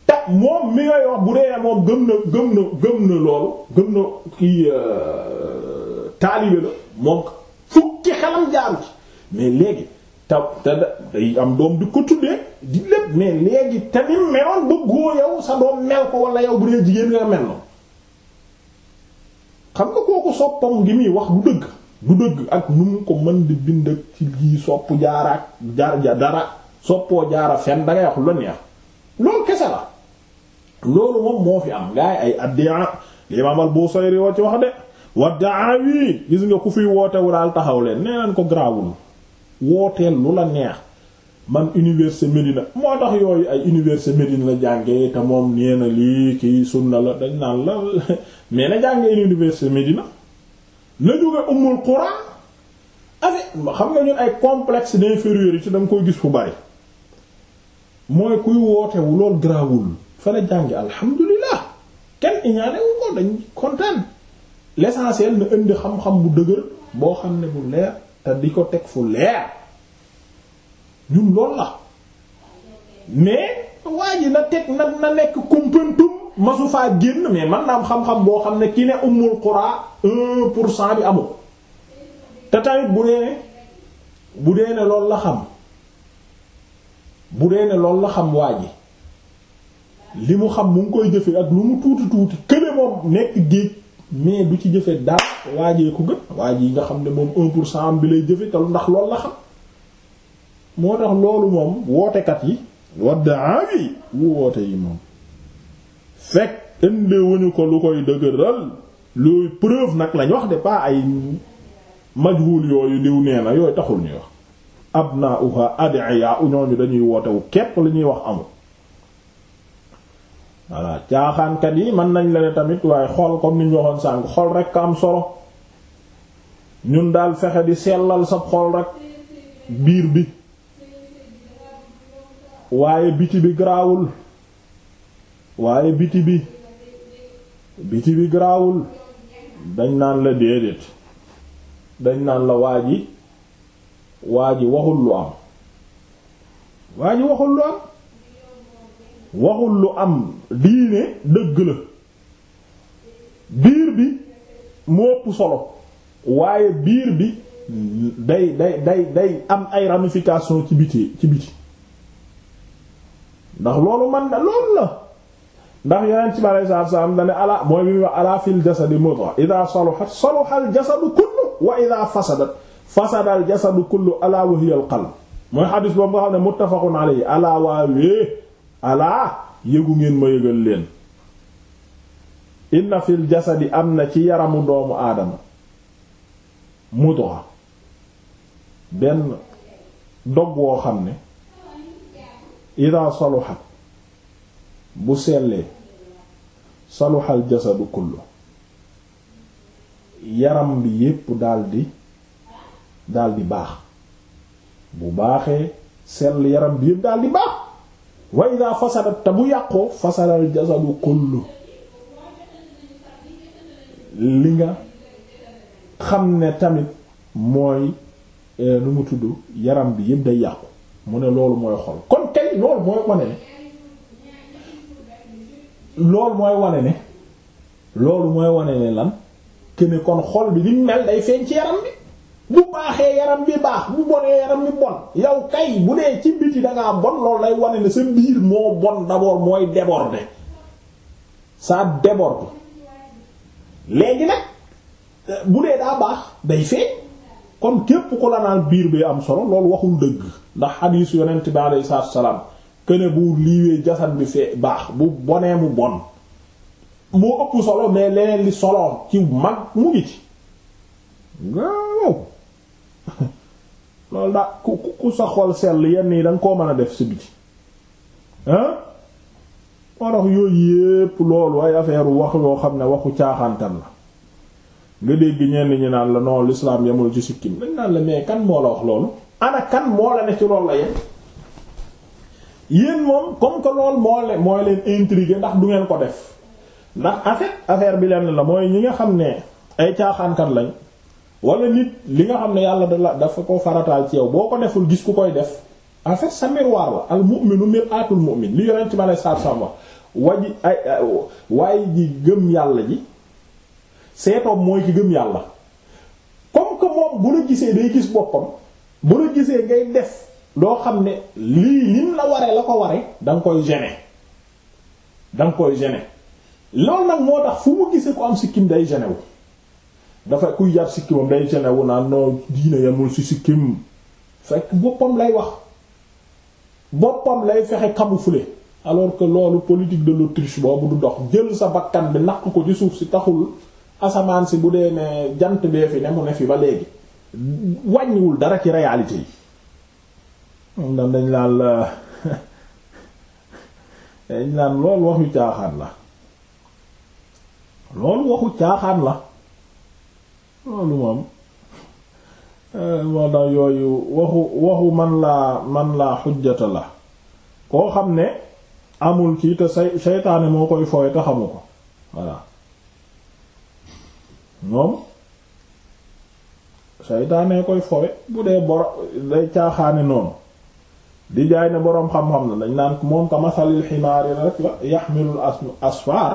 te moom mi ngay wax bu dee moom gëm na gëm na gëm na loolu gëm na kii euh, taalibe la moom fukki xelam jaaru ci mais léegi te te day am doom di ko tuddee di lépp mais léegi te ni meloon bëggoo yow sa doom mel ko wala yow bu dee jigéen nga xam nga kooku soppam gi muy wax du dëgg du dëgg ak nu mu ko mën di bind ak ci lii sopp jaaraak jaar ja dara soppoo jaara fen dangay wax lu neex loolu kese la loolu moom moo fi am ngaay ay addiya ah, imaam al-Busayri wa ci wax de wa daawi gis nga ku fiy wootewu daal taxaw leen nee nañ ko garaawul wooteel lu la neex man université Médina moo tax yooyu ay université Médina la jànge te moom nee na lii kii na la dañ naan la mais na jàngee université Médina na jóge Ummul Qura avec xam nga ñun ay complexe d'infériorité da nga koy gis fu bari mooy kuy wootewu loolu grawul fa la jànge alhamdulilah kenn iñaanewu ko dañ kontaan l'essentiel na indi xam-xam bu dëgër boo xam ne bu leer te di ko teg fu leer ñun loolu la mais waa ji na teg na na nekk kumpantum masufaa faa génn mais man naa am xam-xam boo xam ne ki ne umul xuraa un pour cent bi amul te tamit bu dee ne bu dee ne loolu la xam bu dee ne loolu la xam waa ji li mu xam mu ngi koy jëfe ak lu mu tuuti tuuti kële moom nekk géej mais du ci jëfe daal waajee ko gën waaje yi nga xam ne moom un pour cent am bi lay jëfe te ndax loolu la xam moo tax loolu moom wootekat yi waddaa yi wu woote yi moom fekk indewuñu ko lu koy dëgëral luy preuve nag lañ wax de pas ay majhul yooyu diw nee na yooyu taxul ñuy wax abnauha adiya u ñooñu dañuy wootewu képp li ñuy wax amul voilà caaxaankat yi mën nañ la ne tamit waaye xol comme ni ñu waxoon sànq xol rek am solo ñun daal fexe di sellal sab xol rek biir bi waaye biti bi garaawul waaye biti bi biti bi garaawul dañ naan la déedéet dañ naan la waa ji waa ji waxul lu am waa ji waxul lu am waxul lu am diine dëgg la biir bi mu ëpp solo waaye biir bi day day day day am ay ramification ci biti ci biti ndax loolu man loolu la ndax yeneen ci bi alei salatu salaam dane ala mooy bi mooy xadis boobu nga xam ne muttafaqun alayhi ala waawee ala yëgu ngeen ma yëgal leen inna fil jasadi am na ci yaramu doomu aadama mudra benn dog woo xam ne ida saluxat bu sellee saluxal jasadu kullu yaram bi yépp daldi daldi baax bu baaxee sell yaram bi yépp daldi baax wa ida fasadat te bu yàqoo fasadal jasadu kullu li nga xam ne tamit mooy eh, nu mu tudd yaram bi yëpp day yàqu mu ne loolu mooy xol kon kay loolu mooy wane ne loolu mooy wane ne loolu mooy wane ne lan kene kon xol bi liñ mel day feeñ ci yaram bi bu baaxee yaram bi baax bu bonee yaram bi bon yow kay bu dee ci biti dangaa bon loolu lay wane ne sa biir moo bon daboor mooy déborder ça déborde léegi nag bu dee daa baax day feeñ kon képp ko la naan biir bi am solo loolu waxul dëgg ndax xadiis yonent bi alayhi salaatu wassalaam këne bu liiwee jasad bi fee baax bu bonee mu bon moo ëpp solo mais leneen li solo ci mag mu ngi waaw loolu daa ku ku sa xol sell yenn yi da koo mën a def si biti hein moo tax yooyu yépp loolu ay affaire wax loo xam ne waxu caaxaantan la nga dégg ñenn ñi naan la non l'islam yemul ci sikkim dañ naan la mais kan moo la wax loolu ana kan moo la ne ci lool la yem yéen moom comme que loolu moo leen mooy ndax du ngeen ko def ndax en fait bi lenn la mooy ñi nga xam ne ay caaxaankat lañ wala nit li nga xam ne yàlla dala dafa ko farataal ci yow boo ko deful gis ku koy def en fait sa miroir la al mu'minu mir'atul mu'min li yonent ma lay saab saab wax waji ay waaye ji gëm yàlla ji seetoom mooy ki gëm yàlla comme que moom bu la gisee day gis boppam bu la gisee ngay def loo xam ne lii lim la waree la ko waree da nga koy gêner da nga koy gêner loolu nag moo tax fu mu gisee ko am sikkim day gêner dafa kuy yar sikkimam day ci newu naan noo diine yamul si sikkim fekk boppam lay wax boppam lay fexe camoufler alors que loolu politique de l'autruche boobu du dox jël sa bakkan bi naq ko ci suuf si taxul asamaan si bu dee ne jant bee fi ne mu ne fi ba léegi wàññiwul dara ci réalité yi moom dañ dañ laal dañ naan loolu waxu caaxaan la loolu waxu caaxaan la loolu moom euh, moo tax yooyu waxu waxu man laa man laa xujjata la koo xam ne amul kii te say seytaane moo koy fooy te xamu ko voilà ñoom seytaane koy fooy bu dee boro day caaxaane noonu di jaay ne boroom xam-xam na dañ naan moom ka masalil ximaari rek la yaxmilul asfar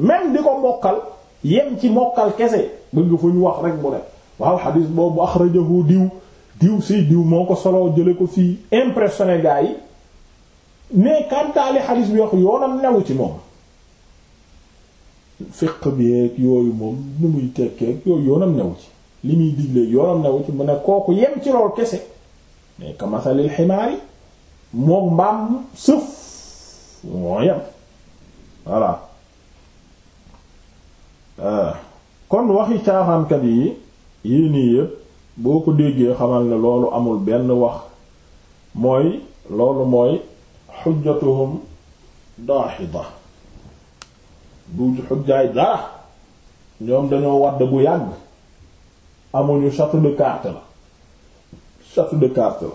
même di ko mokkal yem ci mokkal kese bëgg fu ñu wax rek mu ne waaw xadis boobu axrajahu diw diw si diw moo ko soloo jële ko fii impressionné gaa yi mais kantaali xadis bi wax yoonam newu ci moom fiq bi yooyu moom nu muy tekkeeg yooyu yoonam newu ci li muy digleeg yoonam new ci mu ne kooku yem ci loolu kese mais ka masalil ximaari moom mbaam sëf moo yem voilà kon waxi caaxaankat yi yii nii yëpp boo ko déggee xamal ne loolu amul benn wax mooy loolu mooy xujjatuhum daaxida du xujjaay dara ñoom dañoo wadd bu yàgg amuñu château de carte la château de carte la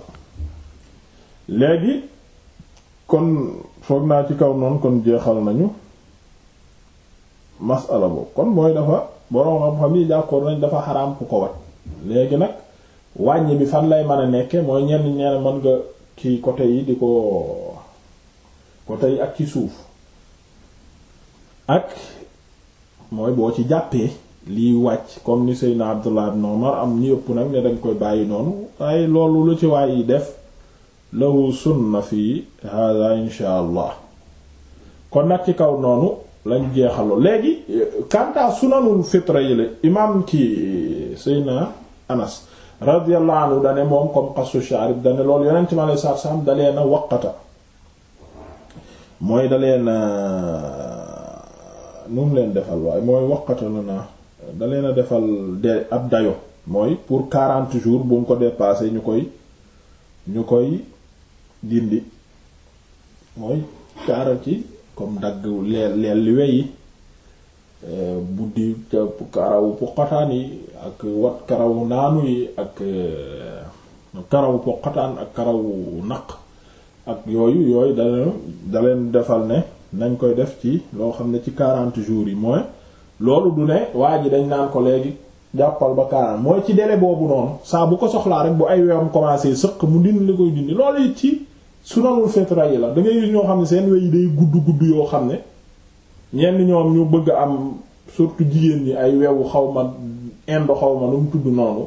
léegi kon foog naa ci kaw noonu kon jeexal nañu masala boobu kon mooy dafa borom xam-xam yi d'accord nañ dafa xaraam ku ko wat léegi nag wàññi bi fan lay mën a nekke mooy ñenn ñenn mën nga kii côté yi di ko côté yi ak ci suuf ak mooy boo ci jàppee lii wàcc comme ni Seydina Abdullah ibn Umar am ñu yëpp nag ne dañ koy bàyyi noonu waaye loolu lu ci waay yi def lahu sunna fi hada insha allah kon nag ci kaw noonu jeexal jeexaloo léegi kanta sunanul fitra yile imam ci seyna anas radiyallahu anhu dane moom comme xasu sharib dane loolu yonent ma alei satu salaam dalee na waqata mooy dalee na nu mu leen defal waaye mooy waqata la na dalee na defal de ab dayo mooy pour quarante jours bu mu ko dépassé ñu koy ñu koy dindi mooy kaara ci comme dagg leel leel li weyi euh, buddi karawu poqataan yi ak wat karawu naanu yi ak euh, karawu poqataan ak karawu naq ak yooyu yooyu daleen daleen defal ne nañ koy def ci loo xam ne ci 40 jours yi mooy loolu du ne waa ji dañ naan ko léegi jàppal ba 40 mooy ci délai boobu noonu saa bu ko soxlaa rek bu ay weewam commencé sëq mu dindi li koy dindi loolu it ci sunanul fitra yi la da gis ñoo xam ne seen wey day gudd gudd yoo xam ne ñenn ñoom ñu bëgg am surtout jigéen ñi ay wewu xaw ma indo xaw ma nu mu tudd noonu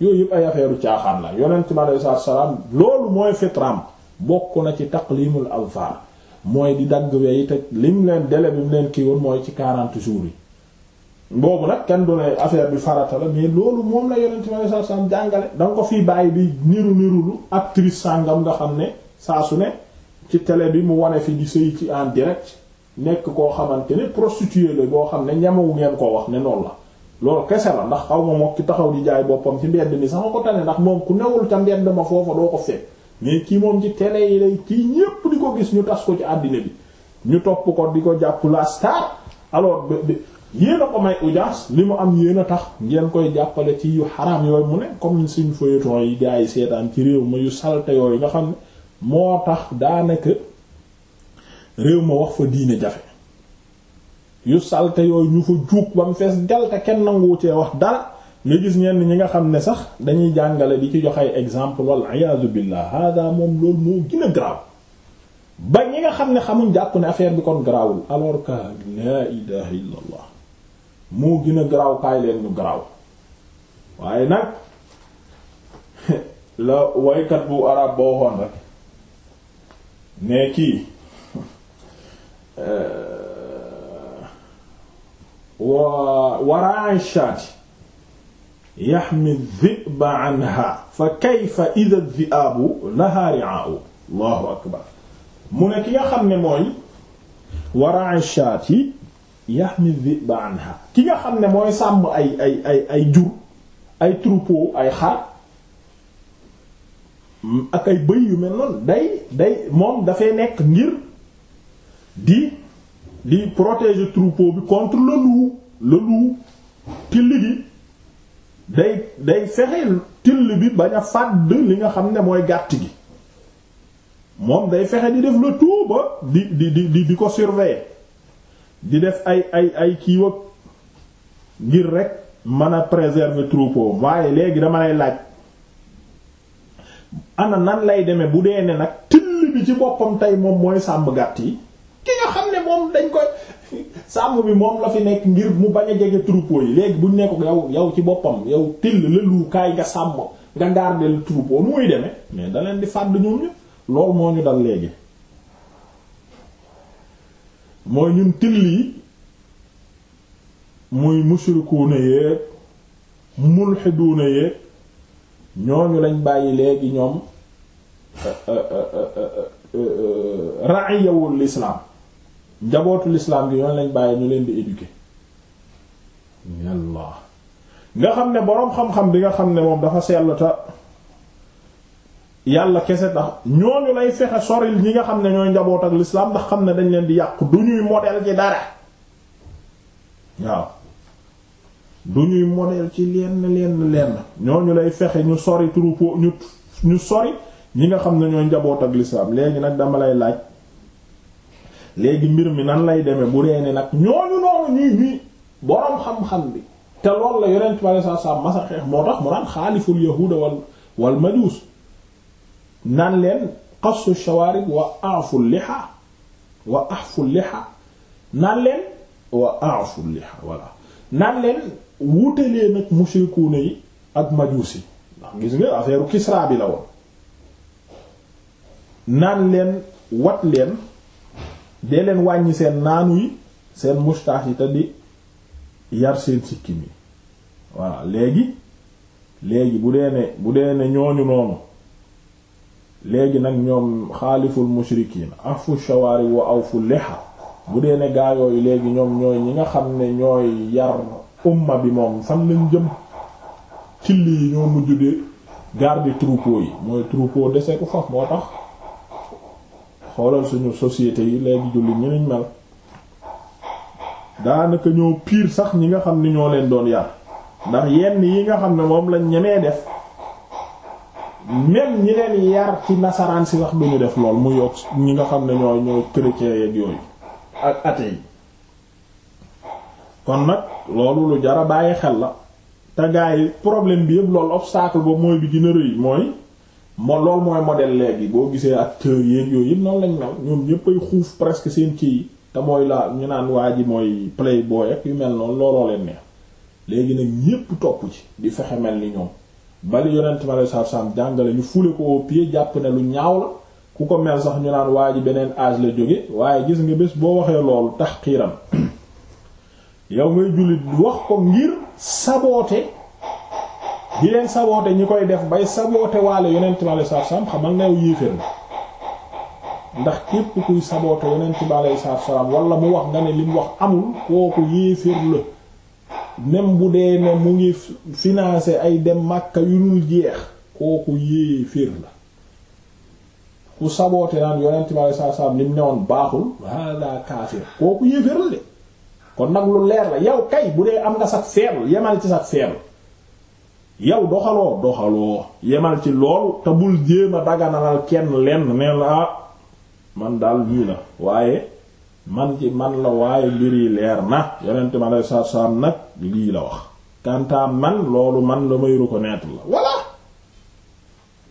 yooyu yëpp ay affaire caaxaan la yonent mi aleyhi salaam loolu mooy fitraam bokk na ci taqlimul alfaar mooy di dagg weyi te lim leen délai bi mu leen kii mooy ci 40 jours yi. boobu nag kenn du ne affaire bi farata la mais loolu moom la yonent mi aleyhi salaam jàngale da nga fii bàyyi bi niru niru lu sàngam nga xam ne. saa su ne ci télé bi mu wane fi di sëy ci en direct nekk koo xamante ne prostituée la boo xam ne ñamawu ngeen koo wax ne noonu la loolu kese la ndax xaw ma mook ki taxaw di jaay boppam ci mbedd mi sax ko tane ndax moom ku newul ca mbedd ma foofa doo ko fekk mais kii moom ci tele yi lay kii ñépp di ko gis ñu tas ko ci àddina bi ñu topp ko di ko jàpp la star alors yéen a ko may audience li mu am yéen a tax ngeen koy jàppale ci yu xaraam yooyu mu ne comme suñu feuilleton yi gars yi seetaan ci réew ma yu salte yooyu xam ne moo tax daanaka réew ma wax fa diine jafe yu salte yooyu ñu fa juug ba mu fees del kenn nanguwu cee wax dara nga gis ñenn ñi nga xam ne sax dañuy jàngale di ci joxee exemple walla iyaazu billah hada moom loolu moo gën a ba ñi nga xam ne xamuñ jàpp ne affaire bi kon garaawul alors que laa ilaha illa moo gën a garaaw kaay leen ñu garaaw waaye nag la waykat bu arab boo xoon rek ne kii euh, wa waraan shaati yaxmi dhiba anha fa kayfa idha dhiyaabu laha ri'a'u allahu akbar mu ne ki nga xam ne mooy waraan shaati yaxmi dhiba anha ki nga xam ne mooy sàmm ay ay ay ay jur ay troupeau ay xar ak ay bëy yu mel noonu day day moom dafay nekk ngir di di protéger troupeau bi contre le loup till gi day day fexe till bi bañ a fàdd li nga xam ne mooy gàtt gi moom day fexe di def le tout ba di di di di ko surveiller di def ay ay ay kiiwag ngir rek mën a préserver troupeau waaye léegi dama lay laaj ana nan lay demee bu dee ne nag till bi ci boppam tey moom mooy sàmm gàtt yi ki nga xam ne moom dañ ko sàmm bi moom la fi nekk ngir mu bañ a jege troupeau yi léegi buñ ne ko yow yow ci boppam yow till la luukaay nga sàmm nga gardel troupeau nu muy demee mais daleen di fàdd ñoom ñu loolu moo ñu dal léegi mooy ñun till yi muy mushrikuuna yéeg mulhiduuna yéeg ñooñu lañ bàyyi léegi ñoom euh, euh, euh, raiyawul l'islam njabootu l'islam gi ñooñu lañ bàyyi ñu leen di éduquer yàlla nga xam ne boroom xam-xam bi nga xam ne moom dafa seetlu ta yàlla kese tax ñooñu lay fexe soril ñi nga xam ne ñooy njaboot ak l'islam ndax xam ne dañ leen di yàqu du ñuy modèle ci dara waaw du ñuy modèle ci lenn lenn lenn ñooñu lay fexe ñu sori troupeau ñu ñu sori ñi nga xam ne ñooy njaboot ak lislaam léegi nag dama lay laaj léegi mbir mi nan lay demee bu reeni nag ñooñu noonu ñuy ñuy boroom xam-xam bi te loolu la yonent bi alayhi salaam masa xeex moo tax mu naan xaaliful yahuuda wal wal majuus nan leen qassu shawaarib wa a'fu liha wa a'fu liha nan leen wa a'fu liha voilà nan leen wuutelee nag mushrikuuna yi ak majuus yi ndax gis affaire Kisra bi la woon naan leen wat leen dee leen wàññi seen naanu yi seen moustache yi te di yar seen sikkim yi voilà léegi léegi bu dee ne bu dee ne ñooñu noonu léegi nag ñoom xaaliful mushrikiin afu shawaari wa awfu liha bu dee ne gaa yooyu léegi ñoom ñooy ñi nga xam ne ñooy yar umma bi moom fan lañ jëm till yi ñoo mujj de garde troupeau yi mooy troupeau desetu fa moo tax xoolal suñu société yi léegi jullit ñu niñ mel daanaka ñoo piir sax ñi nga xam ni ñoo leen doon yar ndax yenn yi nga xam ne moom lañ ñemee def même ñi leen yar ci nasaraan si wax duñu def lool mu yokk ñi nga xam ne ñoo ñoo chrétien yeeg yooyu ak athée yi kon nag loolu lu jara bàyyi xel la te yi problème bi yëpp loolu obstacle ba mooy bi gën a rëy mooy moo loolu mooy modèle léegi boo gisee acteurs yeeg yooyu yëpp noonu lañ mel ñoom ñëpp ay xuuf presque seen kii yi te mooy la ñu naan waa ji mooy playboy ak yu mel noonu looloo leen neex léegi nag ñépp topp ci di fexe mel ni ñoom bali yonent ma lay saabsaab jàngale ñu fule ko au pied jàpp ne lu ñaaw la ku ko mel sax ñu naan waa ji beneen âge la jóge waaye gis nga bés boo waxee loolu tax xiiram yow ngay jullit wax ko ngir saboote di leen saboote ñi koy def bay saboote waale yonent bi alayhi salaatu salaam xamal na yow yéeféer na ndax képp kuy saboote yonent bi alayhi salaatu salaam wala mu wax nga ne li mu wax amul kooku yéeféer la même bu dee ne mu ngi financé ay dem Makka yu dul jeex kooku yéeféer la ku saboote naan yonent bi alayhi li mu newoon baaxul hada kaafir kooku yéeféer la de kon nag lu leer la yow kay bu dee am nga sax faible yemal ci sax faible yow doxaloo doxaloo yemal ci loolu te bul jéem a daganalal kenn lenn neen la ah, man daal lii la waaye man ci man la waaye mbir leer na yonent ma lay saar nag lii la wax kantaa man loolu man la may reconnaître la voilà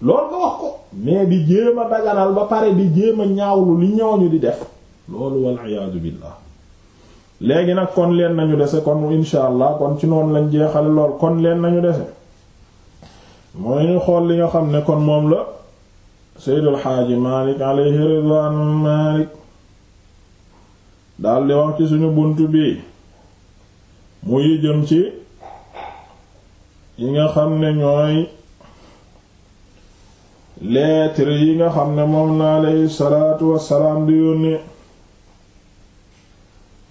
loolu nga wax ko mais di jéem a daganal ba pare bi jéem a ñaawlu li ñooñu di def loolu wal iyaadu billah léegi nag kon leen nañu dese kon insha allah kon ci noonu lañ jeexal lool kon leen nañu dese mooy ñu xool li nga xam ne kon moom la seydul xaaji malik alayhi ridwan malik daldi wax ci suñu bunt bi mu yi ci yi nga xam ne ñooy lettre yi nga xam ne moom la alayhi salaatu wassalaam di yónni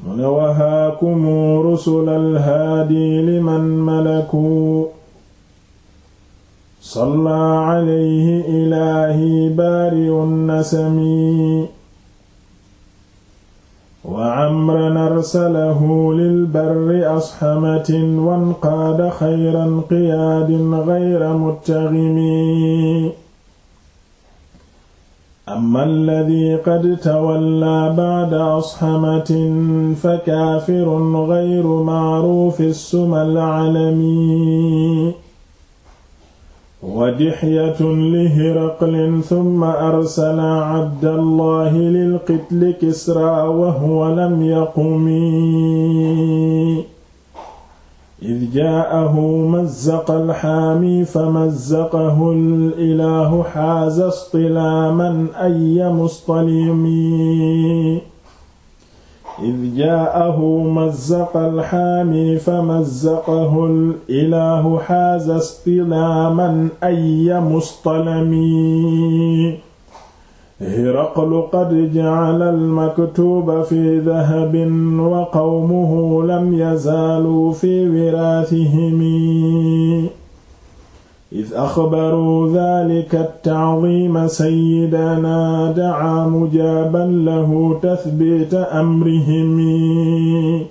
mu ne wahaakumu rusula alhaadi liman malaku salla alayhi ilaahi baariu nasami wa amran arsalahu lilbarri asxamatin wanqaada xayran qiyaadin gayra muttaximi amma alladi qad tawalla ba'da asxamatin fa kaafirun gayru maarufi suma alcaalami wa dixyatun li hiraqlin summa arsala cabdallahi lilqitli kisraa wa huwa lam yaqumi id jaahu mazzaqa alxaami fa mazzaqahu lilahu xaaza stilaaman aya mustalimi id jaahu mazzaqa alxaami fa mazzaqahu lilahu xaaza stilaaman aya mustalimi hiraqlu qad ja'ala al-maktuba fi dahabin wa qawmuhu lam yazaaluu fi wiraasihimi id axbaruu daalika at-ta'ziima sayyidanaa da'aa mujaaban lahu tathbiita amrihimi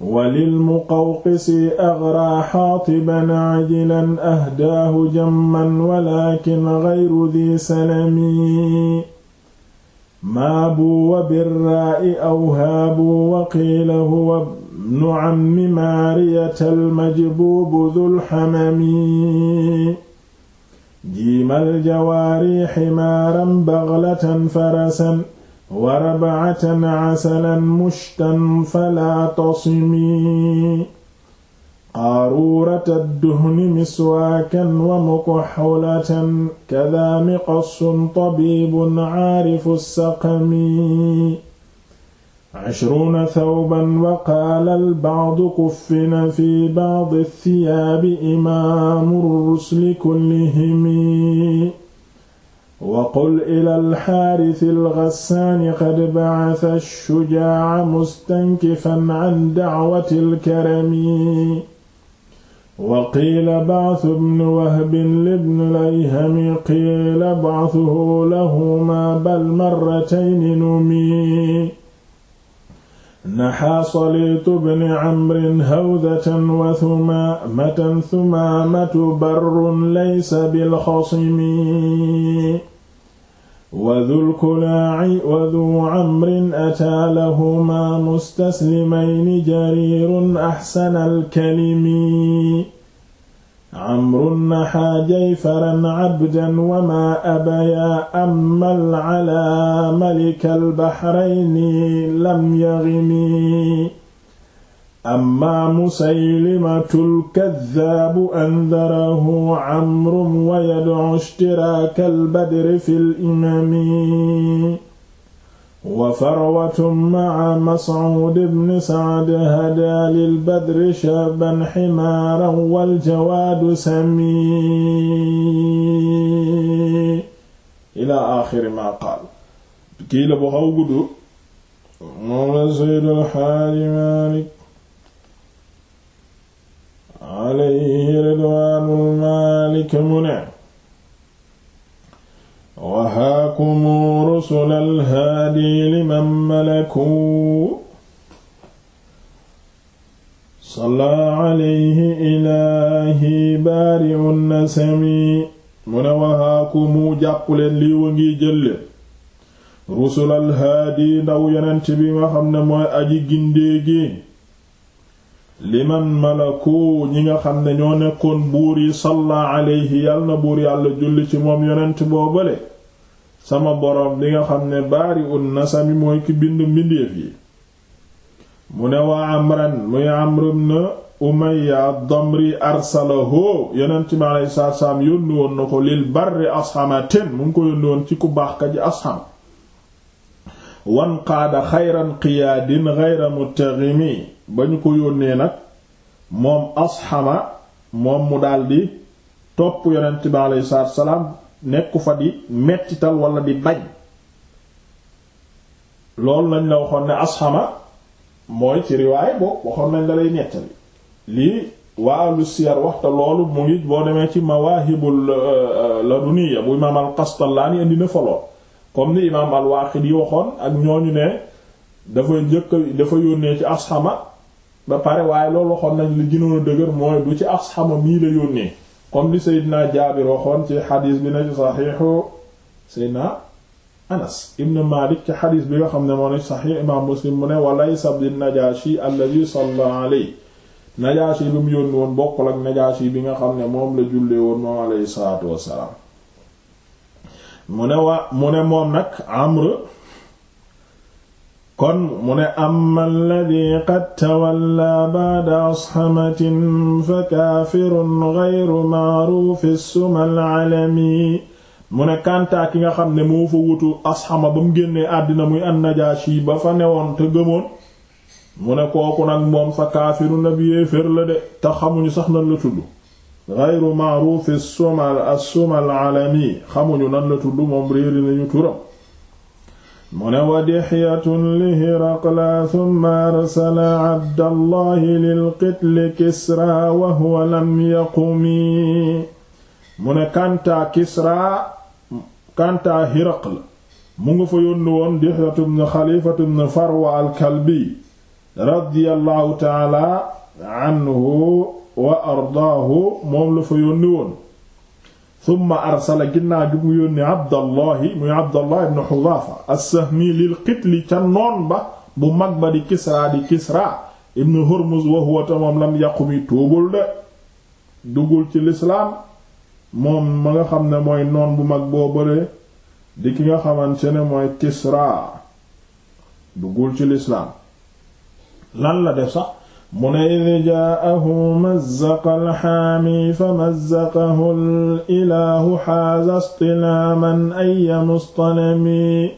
walilmuqawqisi agraa xaatiban ajilan ahdaahu jamman walakin gayru di salami maabuu wa birraa'i awhaabuu wa qiila huwa bnu cammi maariyata almajbuubu dulxamami jiimal jawaari ximaaran baglatan farasan wa rab'atan asalan mushtan falaa tasimi qaruurata duhni miswaakan wa mukuxulatan kadaa miqasun tabiibun caarifu saqami cashruuna thawban wa qaala albacdu kuffina fi bacdi thiyaabi imaamu rusli kullihimi waqul ilal xaarisil xassaani qad ba'asa shujaa'a mustankifan an da'watil karami waqiila ba'su bnu wahbin libni layhami qiila ba'suhu lahumaa bal marratayni numi naxaa saliitu bni camrin hawdatan wa thumaamatan thumaamatu barrun laysa bilxasimi wa dulkulaaci wa duu camrin ataa lahumaa mustaslimayni jariirun axsana alkalimi amrun naxaa jayfaran cabdan wama abaya ammal calaa malikal baxrayni lam yaghimi amma musaylimatul kaddaabu andarahu amrun wa yadcu ishtiraka albadri fi limami wa farwatun ma'a mas'ud ibn sa'd hada lil badri shaaban ximaaran wal jawaadu sami ila axiri ma qaal kii la bu xaw gudd moom la Seydul Xaaji Maalik alayhi ridwaanul Maalik mu ne wahaakumu rusulal haadi liman malaku salla alayhi ilaahi baari'un nasami mu ne wahaakumu jàpp leen ngi jëlle rusulal haadi ndaw yonent bi nga xam ne mooy aji gindee gi liman malaku ñi nga xam ne ñoo nekkoon buur yi salla alayhi yal na buur yàlla julli ci moom yonent boobale sama boroom bi nga xam ne baari un nasami mooy ki bind mbindeef yi mu ne waa amran muy amr ibn umayya damri arsalahu yonent mi alayhi salaatu salaam yónni na ko lil barri asxamatin mu ngi ko yónni ci ku baax ka ji asxam wan qaada xayran qiyaadin xayra muttaximi ba ñu ko yónnee nag moom asxama moom mu daldi topp yonent mi alayhi salaatu salaam nekku fa di mettital wala di bañ loolu lañ la waxoon ne asxama mooy ci riwaay boobu waxoon nañ la lay nettali lii waa ahlu siyar waxta loolu mu ngi boo demee ci mawaahibul euh, euh, laduniya bu imaam al-Qastallaani indi na fa lool comme ni imaam al-Waaqidi waxoon ak ñooñu ne dafa njëkk dafa yónnee ci asxama ba pare waaye loolu waxoon nañ li gënoon dëgër mooy du ci asxama mii la yónnee comme li Seydina Jaabir waxoon ci xadiis bi na ci saxiixu Seydina Anas ibn Malik ci xadiis bi nga xam ne moo ne saxiix imaam Muslim mu ne walay sabdi Najaashi alladhi salla alayhi bi mu yónni woon bokkul ak Najaashi bi nga xam ne moom la jullee woon moom alayhi salaatu wassalaam mu ne waa mu ne moom nag Amr kon mu ne amma alladhi qad tawalla ba'da asxamatin fa kaafirun ghayru ma'rufi sumal alami mu ne kàntaa ki nga xam ne moo fa wutu asxama ba mu génnee àddina muy annajaashi ba fa newoon te gëmoon mu ne kooku nag moom fa kaafirun ab yéefér la de te xamuñu sax nan la tudd ghayru ma'rufi sumal as alami xamuñu nan la tudd moom réeri nañu turam mu ne wa dixyatun li hiraqla tumma arsala abdallahi lilqitli kisra wa huwa lam yaqumi mu ne kantaa kisra kantaa hiraqla mu nga fa yónni woon dixyatu bnu xalifatu bnu farwa alkalbi radiyallahu taala anhu wa ardaahu moom la fa yónni woon summa arsala ginnaaw gi mu yónni abdallahi muy abdallah ibn xudaafa assahmi lil qitli ca noon ba bu mag ba di kisraa di kisraa ibn hurmuz wa huwa tamam lam yaqumi tuubul de duggul ci lislaam moom ma nga xam ne mooy noon bu mag boobale di ki nga xaman ne mooy kisraa duggul ci lislaam lan la def sax mu ne id jaahu mazzaqa alxaami fa mazzaqahu lilahu xaasa stilaaman aya mustanami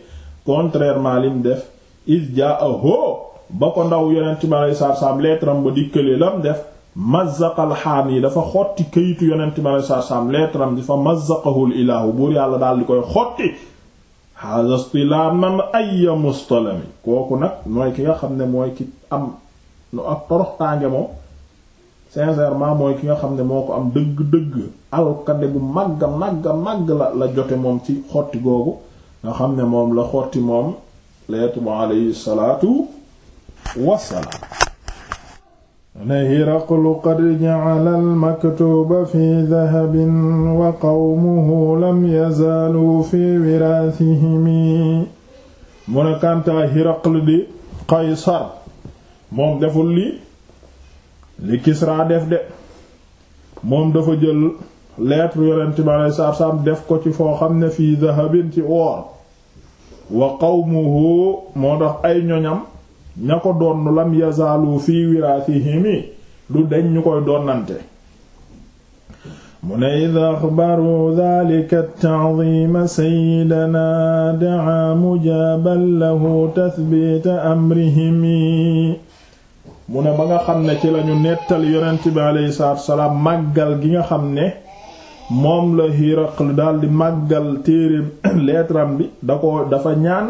contrairement lim def id jaahu ba ko ndaw yonent bi alei saatu salaam leetaram ba dikkalee lam def mazzaqal xaam yi dafa xotti kayitu yonent bi alei saatu salaam leetaram di fa mazzaqahul ilaahu buur yàlla daal di koy xotti xaasa stilaaman aya mustalami kooku nag mooy ki nga xam ne mooy ki am lu mooy ki nga xam ne moo ko am dëgg-dëgg alkande bu màgg màgg màgg la la moom ci xotti googu xam ne moom la xotti moom leetu mu aleyhi salaatu wassalaam ne hiraqlu qad ja'ala al-maktuba fi dahabin wa qawmuhu mu ne kantaa hiraqlu di qaysar moom deful lii li Kisra def de moom dafa jël lettre yonent bi aleyhi salaatu salaam def ko ci foo xam ne fii dahabin ci oor wa qawmuhu moo tax ay ñoñam ña ko doon lam yazaalu fii wiraasihimi du deñ ñu koy donnante mu ne id axbaru dalika taadima sayyidana daa mujaban lahu tathbita amrihimi mu ne ba nga xam ne ci lañu nettali yonent bi alayhi salaatu màggal gi nga xam ne moom la Hiraql daldi màggal téereem leetaram bi da dafa ñaan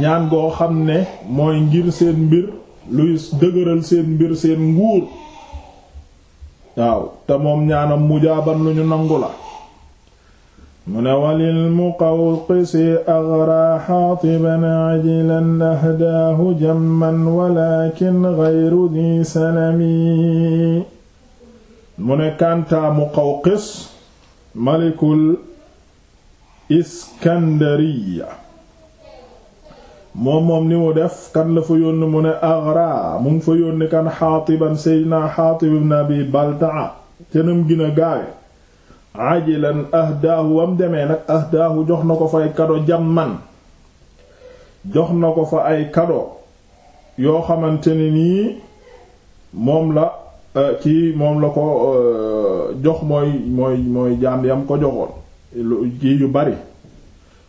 ñaan goo xam ne mooy ngir seen mbir luy dëgëral seen mbir seen nguur waaw te moom ñaanam mujaaban lu ñu nangu la mu ne walil muqawqisi aghraa xaatiban ajilan ahdaahu jamman walakin ghayru di salami mu ne kàntaa muqawqis malikul iskandariya moom mu def kan la fa yónni mu kan xaatiban seydinaa xaatib ibn abi baltaa ca nam gina gaawe ajilan ahdaahu wam demee nag ahdaahu jox na ko fa ay kado jamman jox na ko fa ay kado yoo xamante ne nii moom la ci euh, moom la ko euh, jox mooy mooy mooy jaam yam ko joxoon kii yu bari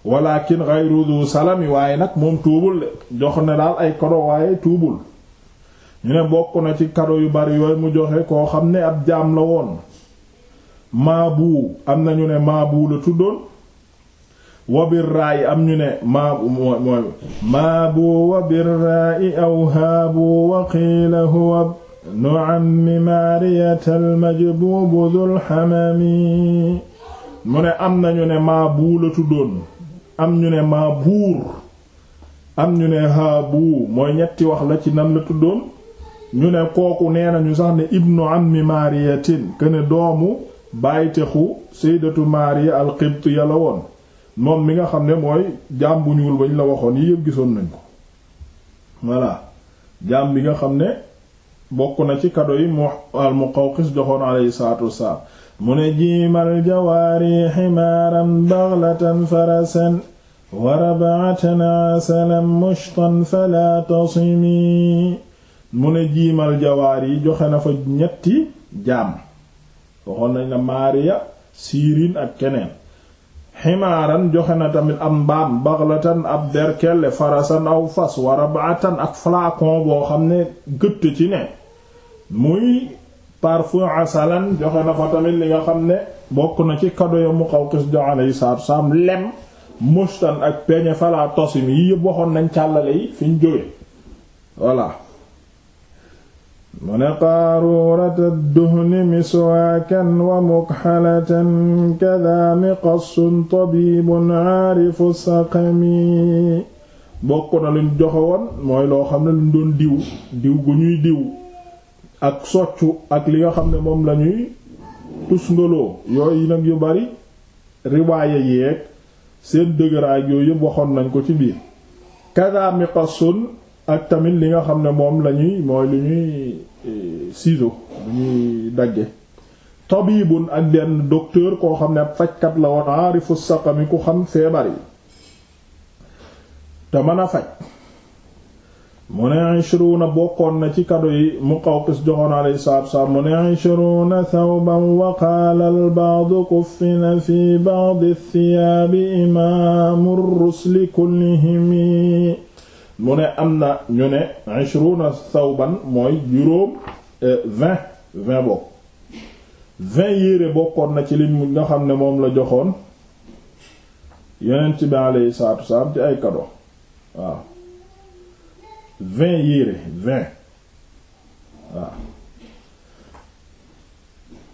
walakin ghayru dhu salami waaye nag moom tuubul de jox ne daal ay kado waaye tuubul ñu ne bokk na ci kado yu bari yooyu mu joxe koo xam ne ab jaam la woon maabu am na ñu ne maabu la tuddoon wabir raayi am ñu ne maabu mooy maabu wabir raayi aw haabu wa qiila huwa nu ammi maariyata almajbuubu dul xamami mu ne am na ñu ne maabu la tuddoon am ñu ne maabuur am ñu ne haabu mooy ñetti wax la ci nan la tuddoon ñu ne kooku nee nañu sax ne ibnu ammi maariyatin këne doomu bàyyitexu saydatu Maariya al-Qibtiyya la woon moom mi nga xam ne mooy jaam bu ñuul bañ la waxoon yi yëpp gisoon nañ ko voilà jaam bi nga xam ne bokk na ci kado yi mu al-Muqawqis joxoon alayhi salaatu wassalaam mu ne jiimal jawaari ximaaran baxlatan farasan mu ne jiimal jawaar yi joxe na fa ñetti jaam waxoon nañ la Maariya Sirin ak keneen ximaaran joxe na tamit am mbaam baxlatan ab berkelle farasan aw fas wa rabaatan ak flacon boo xam ne gëtt ci ne muy parfum asalan joxe na fa tamit li nga xam ne bokk na ci kado ya Muqawqis jox alayhi salaatu salaam lem mustan ak peñe fala tosim yi yëpp waxoon nañ càllale yi fi jóge voilà mu ne qaaruurata duhni miswaakan wa mukxalatan kada miqassun tabibun aarifu saqami bokk na luñ joxe woon mooy loo xam ne luñ doon diw diw gu ñuy diw ak soccu ak li nga xam ne moom la ñuy tusngaloo yooyu nag yu bari riwaaye yeeg seen dëgëraay yooyu yëpp waxoon nañ ko ci biir kada miqassun ak tamit li nga xam ne moom la ñuy mooy lu ñuy eh, ciseau lu ñuy dagge tabibun ak benn docteur koo xam ne fajkat la woon aarifu saqami ku xam feebar yi te mën a faj mu ne ishruna bokkoon na ci kado yi Muqawqis joxoon alayhi salaatu salaam mu ne ishruna thawban wa qaala al-ba'd kuffina fi ba'd ath-thiyaabi imaamu ar-rusli kullihim mu ne am na ñu ne ishruna sawban mooy juróom eh, vingt vingt bokk vingt yére bokkoon na ci li mu nga xam ne moom la joxoon ci bi alayhi salaatu wasalaam ci ay kado waaw vingt yére vingt waaw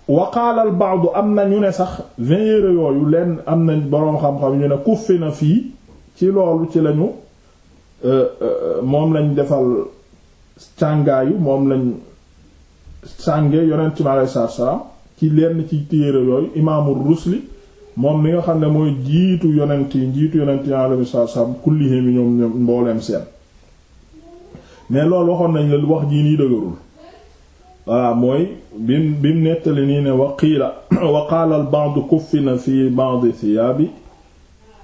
waqaalal baadu am na ñu ne sax vingt yére yooyu leen am nañ boroom xam-xam ñu ne kuffi na fii ci loolu ci lañu Euh, euh, euh, moom lañ defal càngaayu moom lañ sànge yonent bi aleyhi salaatu ci lenn ci téere yooyu imaamul rusli moom mi nga xam ne mooy jiitu yonent yi jiitu yonent yi aleyhi salaatu salaam kullihim yi ñoom mbooleem seen mais loolu waxoon nañ la wax jii nii dëgërul voilà mooy bim mu nettali nii ne wa qiila wa qaala al ba'd kuffina fi ba'd thiyaabi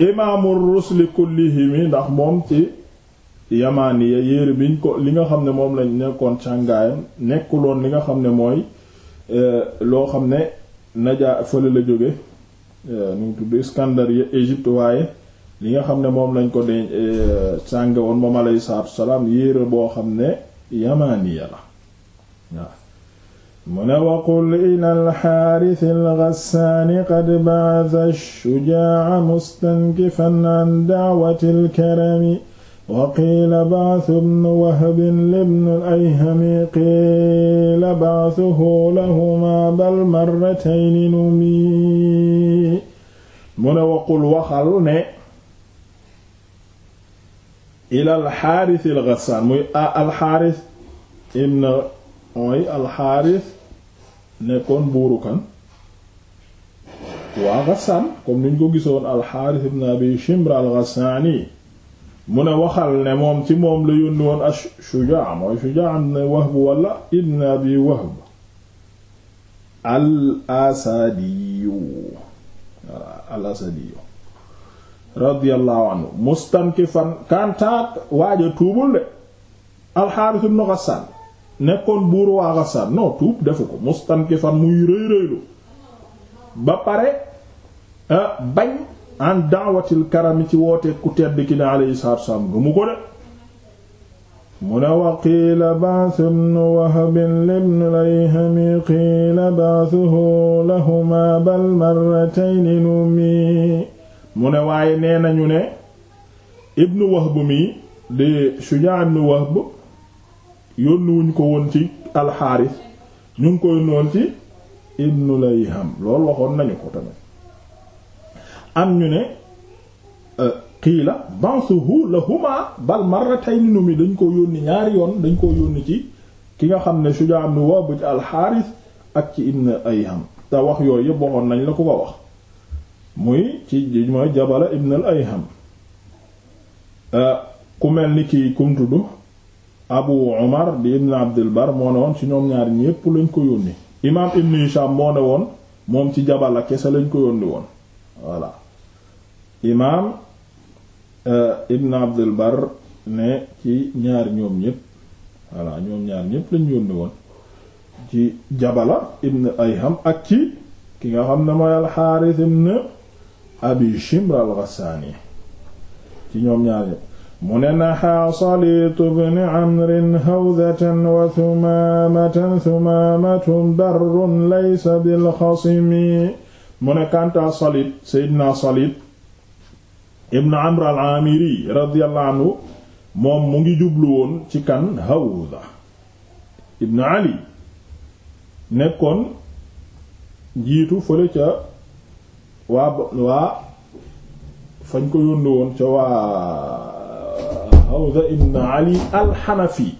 imaamul rusli kullihim ndax moom ci yamaani ya yére biñ ko li nga xam ne moom lañ nekkoon càngaayam nekkuloon li nga xam ne mooy euh, loo xam ne najaa fële la jóge euh, nu mu tudd Iskandariya Égypte waaye li nga xam ne moom lañ ko de sànge euh, woon moom alayhi salaatu salaam yére boo xam ne yamaaniya la waaw mu ne waqul ila alxaaris algassaani qad ba'atha shujaa'a mustankifan an da'wati alkarami waqiila ba'su bnu wahbin libnu ayhami qiila ba'suhu lahumaa bal marratayni numi mu waqul waxal ne ila alxaaris algassaan alxaaris ibn mooy alxaaris kan waa gassaan comme niñ ko gisoon alxaaris ibn abi shimr algassaani mu ne waxal ne moom ci moom la yónni woon a Shujaa mooy Shujaa ibn Wahb wala ibn bi Wahb al asadiyu radiyallahu anhu mustankifan kantaat waaja tuubul de alxaaris ibn Ghassan nekkoon buur waa Ghassan non tuub defu ko mustankifan muy rëy rëylu ba pare eh, bañ an daawatil karami ci wootee ku tedd ki ne alayhi salaatu wassalaam gëmu ko de mu ne wa qiila ba'su ibnu wahabin libnu layhami qiila ba'suhu lahuma bal marratayni numi mu ne waaye nee nañu ne ibnu wahb mi di shujaa ibnu wahb ko woon ci alxaaris ñu ngi ko yónnu woon ibnu layham loolu waxoon nañu ko tamit am ñu ne qiila euh, bansuhu lahuma bal marratayni nu mi dañ ko yónni ñaari yoon dañ ko yónni ci ki nga xam ne Shujaa ibn Wahb ci alxaaris ak ci ibn Ayham te wax yooyu yëpp waxoon nañu la ku ko wax muy ci mooy Jabala ibn al-Ayham euh, ku mel ni kii kum tudd Abu Umar di ibn Abdul Bar moo ne woon ci ñoom ñaari ñépp lañ ko yónni imaam ibn Hisham moo ne woon moom ci Jabala kese lañ ko yónni woon voilà imaam euh, Ibn Abdul ne ci ñaar ñoom ñépp voilà ñoom ñaar ñépp lañ yónni woon ci Jabala Ibn Ayham ak ci ki nga xam ne mooy al ibn Abi Shimr al ci ñoom ñaar ñépp mu ne naxaa Saliit ibn Amrin hawdatan wa thumaamatan thumaamatu barrun laysa bil xasimi mu ne kanta Salib Seydina Salib ibn Amr al-Amiri radiyallahu moom mu ngi jublu woon ci kan Hawza ibn Ali nekkoon jiitu fële ca waa waa fañ ko yóndu woon ca waa Hawza ibn Ali al-Hanafi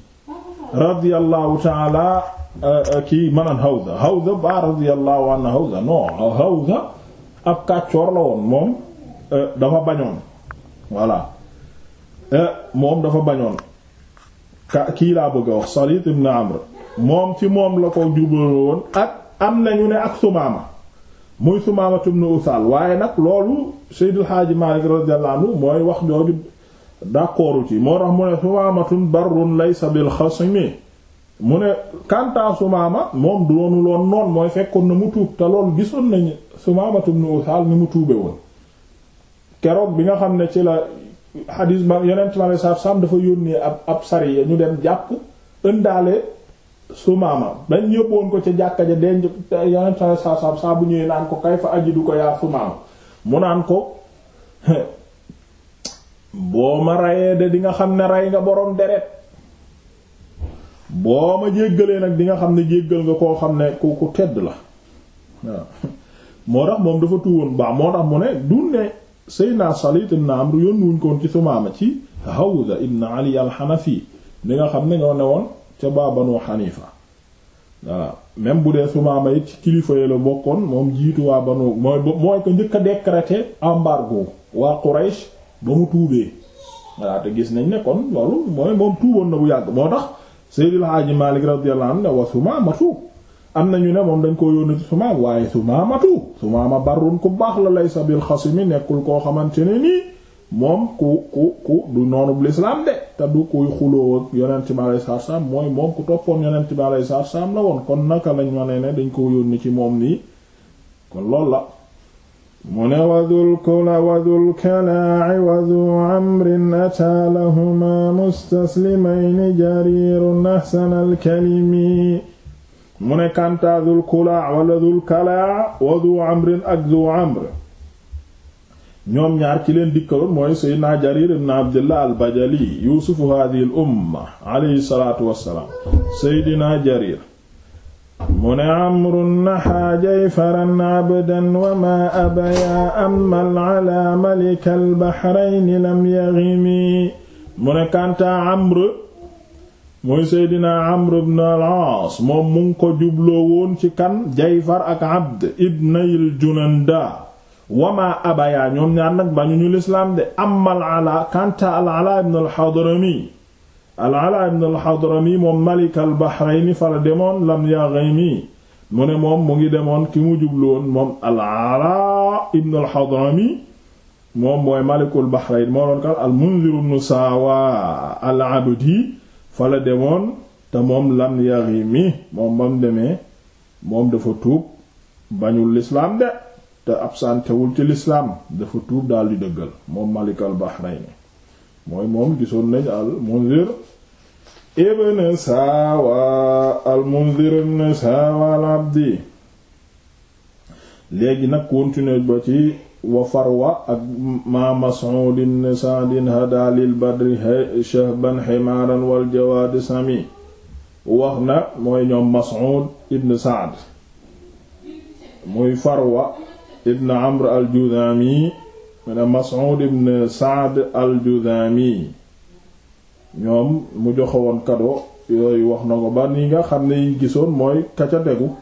radiyallahu ta'ala Euh, euh, kii manan Hawza Hawza ba radiyallahu anhu Hawza non Hawza ab kàccoor la woon moom euh, dafa bañoon voilà moom dafa bañoon ka kii laa bëgg a wax Salit ibn Amr moom ci moom la ko jubal woon ak am nañu ne ak Sumaama muy Sumaama ibn Usal waaye nag loolu Seydil Haaji Maalik radiyallahu anhu mooy wax jooju d'accordu ci moo tax mu ne Sumaama barrun laysa bil xasimi mu ne kanta Sumaama moom du doonu loon noon mooy fekkoon na mu tuub te loolu gisoon nañu Sumaama ibn Usaal ni mu tuube woon keroog bi nga xam ne ci la xadiis ba yonent mi alayhi salaatu salaam dafa yónnee ab ab sariya ñu dem jàpp ëndaale Sumaama dañ yóbboon ko ca jàkka ja denc yonent mi alayhi salaatu salaam bu ñëwee naan ko kayfa ajidu ko yaa Sumaama mu naan ko boo ma rayee de di nga xam ne rey nga boroom deret boo ma jéggalee nag di nga xam ne jéggal nga koo xam ne ku ku tedd la waaw moo tax moom dafa tuwoon baax moo tax mu ne dunne Seydina Salit ibn Amr yónnuwuñ ko woon ci Sumaama ci Hawza ibn Ali al-Hanafi li xam ne ñoo ne woon ca baa Banu Hanifa voilà bu dee Sumaama it ci kilifa yi la bokkoon moom jiitu waa Banu mooy mooy ko njëkk a décréter embargo waa Quraysh ba mu tuubee voilà te gis nañ nekkoon kon loolu mooy moom tuuboon na bu yàgg moo tax Seydil Haaji Malik radiyallahu anhu ne wa Sumaamatu am nañu ne moom dañ koo yónni ci Sumaam waaye Sumaamatu Sumaama barrun ku baax la laysa bil xasimi nekkul koo xamante ne nii moom ku ku ku du noonu bu lislaam de te du kuy xuloo ak yonent bi alayhi salaatu salaam mooy moom ku toppoon yonent la woon kon naka lañ ma ne ne dañ koo yónni ci moom nii kon loolu la mu ne wadul kula wadul kalaa'i wadu amrin ataa lahumaa mustaslimayni jariirun ahsanal kalimi mu ne kantaa dul kulaa wala dul kalaa wadu amrin ak du amr ñoom ñaar ci leen dikkaloon mooy seydinaa jarir ibn abdillah al bajali yuusufu haadihi al umma aleyhi salaatu wassalaam seydinaa jarir mu ne naxaa jayfaran abdan wa ma abaya amal ala malika albaxrayni lam yaghimi mu ne kantaa mooy seydina amr ibn al-aas moom mu ko jubloo woon ci kan jayfar ak abd ibnayil junanda wa ma abaya ñoom ñaar nag bañu ñu lislaam de amal ala kantaa al ala ibn al-hadrami al-Alaa ibn hadrami moom Malik al-Bahrayn fa la demoon lam yaghimi mu ne moom mu ngi demoon ki mu jubloon moom al-Alaa ibn hadrami moom mooy Malikul Bahrayn moo doon kal al-Munzir ibn Sawa al-Abdi fa demoon te moom lam yaghimi moom ba mu demee moom dafa tuub bañul lislaam de te absentewul ci lislaam dafa tuub daal di dëggal moom Malik al mooy moom gisoon nañ al Munzir ibn Sawa al Munzir ibn Sawa al Abdi léegi nag continuer ba ci wa farwa ak ma Mas'ud ibn Sa'd hada lil badri shahban himaaran wal jawaad sami wax na mooy ñoom Mas'ud ibn Sa'd muy farwa ibn Amr al Judami mu ne Mas'ud ibn Sa'd al-Judhami ñoom mu joxe woon kado yooyu wax na ko ba ni nga xam ne yi gisoon mooy kaca tegu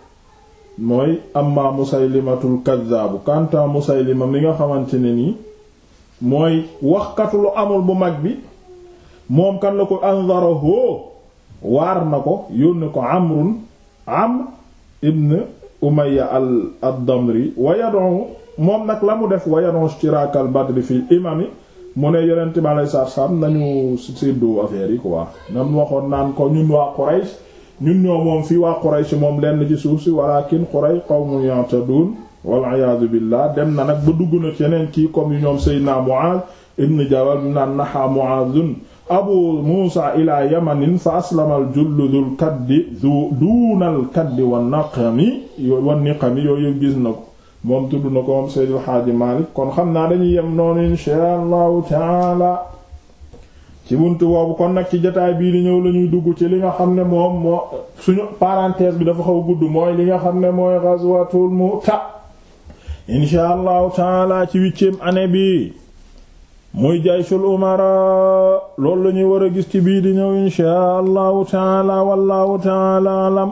mooy amma Musaylimatul Kazzaabu kanta Musaylima mi nga xamante ne nii mooy waxkat lu amul bu mag bi moom kan la ko anzarahu waar na ko yónne ko Amrun Amr ibn Umayya al-Damri wa yad'u moom nag la mu def wayanoo stiraakal badri fii imami mu ne yonente bi alei satu salaam nañu séddoo affaires yi quoi nam waxoon naan ko ñun waa Quraysh ñun ñoo moom fii waa Quraysh moom lenn ci suuf si walakin Quraysh qawmun ya'tadun wal iyaadu billah dem na nag bu dugg na ci yeneen kii comme yu ñoom Seydina Mu'aaz ibn Jabal bi naan naha Mu'aazun abu Muusa ila yamanin fa aslama al jullu dul kaddi duuna al kaddi wan naqami wan niqami yooyu gis na ko moom tudd na ko moom Seydil Xaaji Maalik kon xam naa dañuy yem noonu inshaa allahu taala ci buntu boobu kon nag ci jotaay bii di ñëw la ñuy dugg ci li nga xam ne moom moo suñu parenthèse bi dafa xaw gudd mooy li nga xam ne mooy ghazwatul Mu'ta inshaa allahu taala ci huitième année bi muy jayshul umara loolu la ñuy war a gis ci bii di ñëw inshaa allahu taala wallahu taala alam